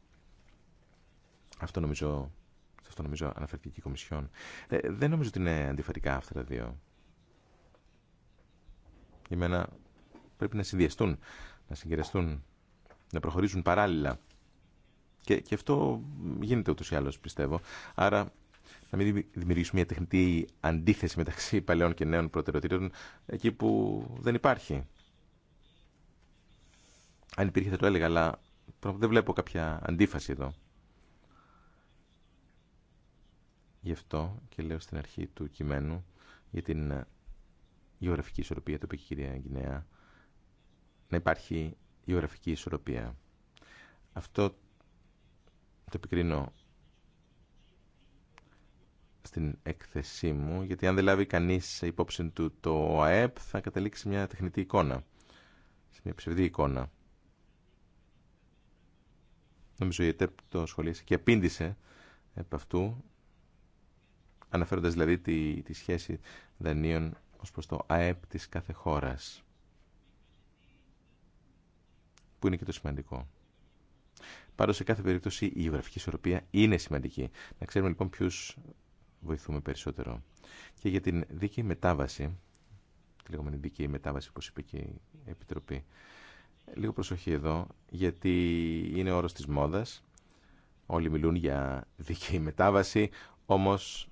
Αυτό νομίζω, σε αυτό νομίζω και η Κομισιόν. Ε, δεν νομίζω ότι είναι αντιφατικά αυτά τα δύο για μένα πρέπει να συνδυαστούν, να συγκεραστούν, να προχωρήσουν παράλληλα. Και, και αυτό γίνεται ούτως ή άλλως, πιστεύω. Άρα, να μην δημιουργήσουμε μια τεχνητή αντίθεση μεταξύ παλαιών και νέων προτεραιοτήτων εκεί που δεν υπάρχει. Αν υπήρχε θα το έλεγα, αλλά δεν βλέπω κάποια αντίφαση εδώ. Γι' αυτό και λέω στην αρχή του κειμένου για την γεωγραφική ισορροπία, το είπε και η κυρία Γκινέα, να υπάρχει γεωγραφική ισορροπία. Αυτό το επικρίνω στην έκθεσή μου, γιατί αν δεν λάβει κανείς υπόψη του το ΑΕΠ θα καταλήξει μια τεχνητή εικόνα, σε μια ψευδή εικόνα. Νομίζω η ΕΤΕΠ το σχολίασε και απήντησε από αυτού, αναφέροντας δηλαδή τη, τη σχέση δανείων ως προς το ΑΕΠ της κάθε χώρας, που είναι και το σημαντικό. Πάντω, σε κάθε περίπτωση, η γεωγραφική ισορροπία είναι σημαντική. Να ξέρουμε λοιπόν ποιου βοηθούμε περισσότερο. Και για την δική μετάβαση, τη λεγόμενη δίκαιη μετάβαση, όπω είπε και η Επιτροπή, λίγο προσοχή εδώ, γιατί είναι όρος της μόδας. Όλοι μιλούν για δίκαιη μετάβαση, όμως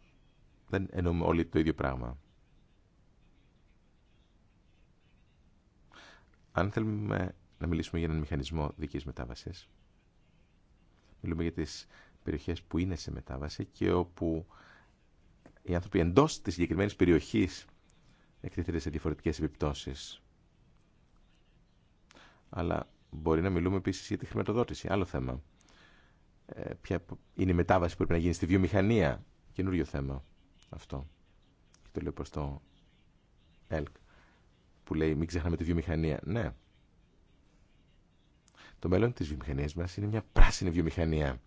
δεν εννοούμε όλοι το ίδιο πράγμα. Αν θέλουμε να μιλήσουμε για έναν μηχανισμό δικής μετάβασης, μιλούμε για τις περιοχές που είναι σε μετάβαση και όπου οι άνθρωποι εντό τη συγκεκριμένη περιοχή εκτίθεται σε διαφορετικές επιπτώσει. Αλλά μπορεί να μιλούμε επίση για τη χρηματοδότηση. Άλλο θέμα. Ε, ποια είναι η μετάβαση που πρέπει να γίνει στη βιομηχανία. Καινούριο θέμα αυτό. Και το λέω προ το ΕΛΚ που λέει μην ξεχνάμε τη βιομηχανία. Ναι. Το μέλλον της βιομηχανίας μας είναι μια πράσινη βιομηχανία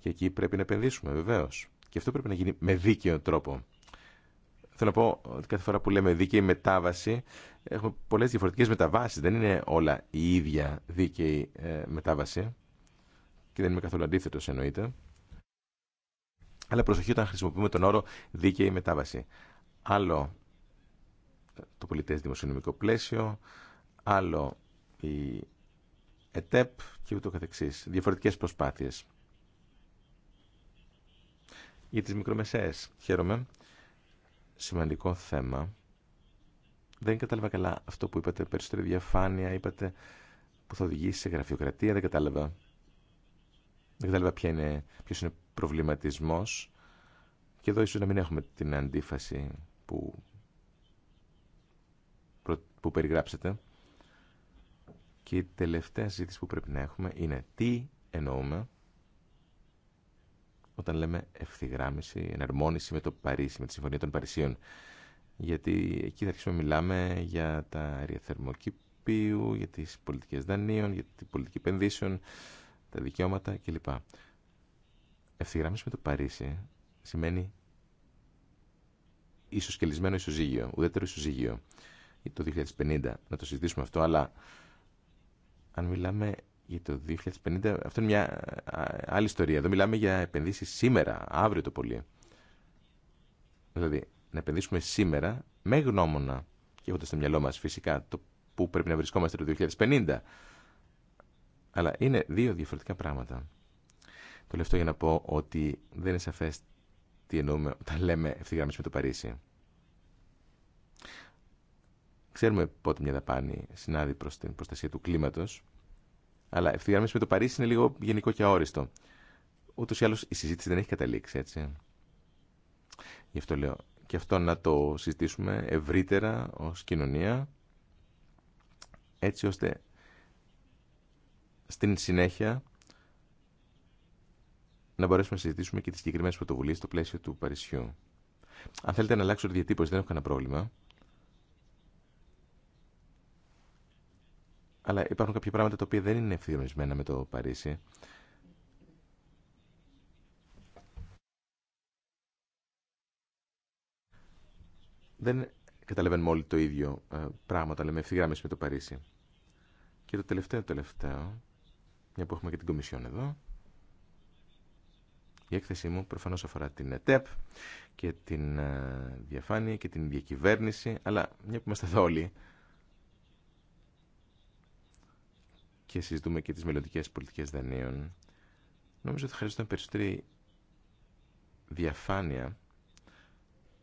και εκεί πρέπει να επενδύσουμε βεβαίως. Και αυτό πρέπει να γίνει με δίκαιο τρόπο. Θέλω να πω ότι κάθε φορά που λέμε δίκαιη μετάβαση έχουμε πολλές διαφορετικές μεταβάσεις. Δεν είναι όλα η ίδια δίκαιη ε, μετάβαση και δεν είμαι καθόλου αντίθετος εννοείται. Αλλά προσοχή όταν χρησιμοποιούμε τον όρο δίκαιη μετάβαση. Άλλο το πολιτές δημοσιονομικό πλαίσιο, άλλο η ΕΤΕΠ και ούτω καθεξής. Διαφορετικές προσπάθειες. Για τις μικρομεσαίες, χαίρομαι, σημαντικό θέμα. Δεν κατάλαβα καλά αυτό που είπατε, περισσότερη διαφάνεια, είπατε που θα οδηγήσει σε γραφειοκρατία, δεν κατάλαβα. Δεν κατάλαβα ποιο είναι, ποιος είναι προβληματισμός. Και εδώ ίσως να μην έχουμε την αντίφαση που που περιγράψετε. Και η τελευταία ζήτηση που πρέπει να έχουμε είναι τι εννοούμε όταν λέμε ευθυγράμμιση, εναρμόνιση με το Παρίσι, με τη Συμφωνία των Παρισίων. Γιατί εκεί θα αρχίσουμε να μιλάμε για τα αερία για τις πολιτικές δανείων, για την πολιτική επενδύσεων, τα δικαιώματα κλπ. Ευθυγράμμιση με το Παρίσι σημαίνει ισοσκελισμένο ισοζύγιο, ουδέτερο ισοζύγιο για το 2050 να το συζητήσουμε αυτό, αλλά αν μιλάμε για το 2050, αυτό είναι μια άλλη ιστορία. Εδώ μιλάμε για επενδύσεις σήμερα, αύριο το πολύ. Δηλαδή, να επενδύσουμε σήμερα με γνώμονα και έχοντα στο μυαλό μα φυσικά το που πρέπει να βρισκόμαστε το 2050. Αλλά είναι δύο διαφορετικά πράγματα. Το λεφτό για να πω ότι δεν είναι σαφέ τι εννοούμε όταν λέμε ευθυγράμμιση με το Παρίσι. Ξέρουμε πότε μια δαπάνη συνάδει προ την προστασία του κλίματο, αλλά ευθυγραμμίσει με το Παρίσι είναι λίγο γενικό και αόριστο. Ούτως ή άλλως η αλλω η συζητηση δεν έχει καταλήξει, έτσι. Γι' αυτό λέω και αυτό να το συζητήσουμε ευρύτερα ω κοινωνία, έτσι ώστε στην συνέχεια να μπορέσουμε να συζητήσουμε και τι συγκεκριμένε πρωτοβουλίε στο πλαίσιο του Παρισιού. Αν θέλετε να αλλάξω τη διατύπωση, δεν έχω κανένα πρόβλημα. αλλά υπάρχουν κάποια πράγματα τα οποία δεν είναι ευθυγραμμισμένα με το Παρίσι. Δεν καταλαβαίνουμε όλοι το ίδιο ε, πράγμα τα λέμε ευθυγράμμιση με το Παρίσι. Και το τελευταίο τελευταίο, μια που έχουμε και την Κομισιόν εδώ, η έκθεσή μου προφανώς αφορά την ΕΤΕΠ και την ε, διαφάνεια και την διακυβέρνηση, αλλά μια που είμαστε εδώ όλοι, και συζητούμε και τις μελλοντικέ πολιτικές δανείων, νομίζω ότι χρειάζεται περισσότερη διαφάνεια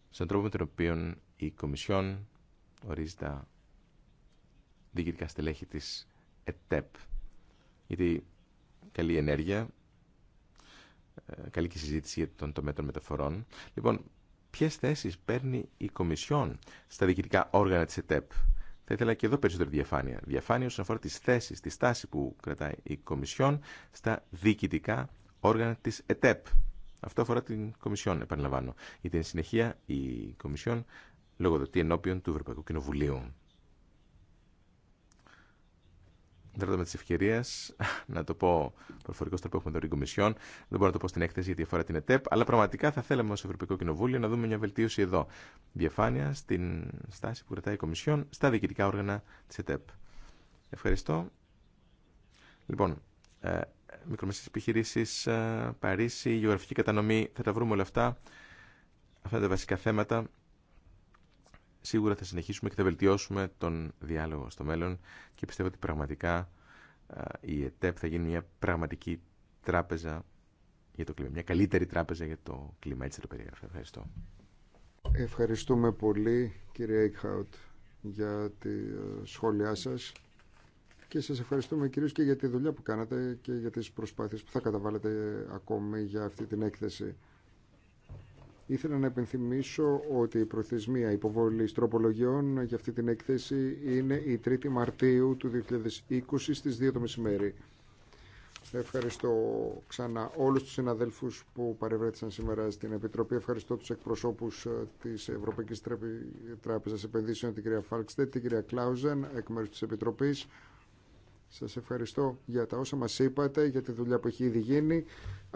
στον τρόπο με τον οποίο η Κομισιόν ορίζει τα διοικητικά στελέχη της ΕΤΕΠ. Γιατί καλή ενέργεια, ε, καλή και συζήτηση για τον τομέα των μεταφορών. Λοιπόν, ποιες θέσεις παίρνει η Κομισιόν στα διοικητικά όργανα της ΕΤΕΠ. Θα ήθελα και εδώ περισσότερη διαφάνεια. Διαφάνεια όσον αφορά τι θέσει, τη στάση που κρατάει η Κομισιόν στα διοικητικά όργανα τη ΕΤΕΠ. Αυτό αφορά την Κομισιόν, επαναλαμβάνω. Γιατί την συνεχεία η Κομισιόν λογοδοτεί ενώπιον του Ευρωπαϊκού Κοινοβουλίου. Δράτω με τη ευκαιρία να το πω προφορικό τρόπο έχουμε τον Κομισιόν. Δεν μπορώ να το πω στην έκθεση γιατί αφορά την ΕΤΕΠ, αλλά πραγματικά θα θέλαμε ω Ευρωπαϊκό Κοινοβούλιο να δούμε μια βελτίωση εδώ. Διαφάνεια στην στάση που κρατάει η Κομισιόν στα διοικητικά όργανα τη ΕΤΕΠ. Ευχαριστώ. Λοιπόν, ε, μικρομεσαίε επιχειρήσει, ε, Παρίσι, γεωγραφική κατανομή, θα τα βρούμε όλα αυτά. Αυτά είναι τα βασικά θέματα σίγουρα θα συνεχίσουμε και θα βελτιώσουμε τον διάλογο στο μέλλον και πιστεύω ότι πραγματικά η ΕΤΕΠ θα γίνει μια πραγματική τράπεζα για το κλίμα, μια καλύτερη τράπεζα για το κλίμα. Έτσι το περιγράφω. Ευχαριστώ. Ευχαριστούμε πολύ κύριε Εικχάουτ για τη ε, σχόλιά σας και σας ευχαριστούμε κυρίως και για τη δουλειά που κάνατε και για τις προσπάθειες που θα καταβάλλετε ακόμη για αυτή την έκθεση. Ήθελα να επενθυμίσω ότι η προθεσμία υποβολή τροπολογιών για αυτή την έκθεση είναι η 3η Μαρτίου του 2020 στις 2 το μεσημέρι. Ευχαριστώ ξανά όλους τους συναδέλφους που παρευρέθησαν σήμερα στην Επιτροπή. Ευχαριστώ τους εκπροσώπους ε, της Ευρωπαϊκής Τράπεζας Επενδύσεων, την κυρία Φάλξτετ, την κυρία Κλάουζεν, εκ μέρους της Επιτροπής. Σας ευχαριστώ για τα όσα μας είπατε, για τη δουλειά που έχει ήδη γίνει.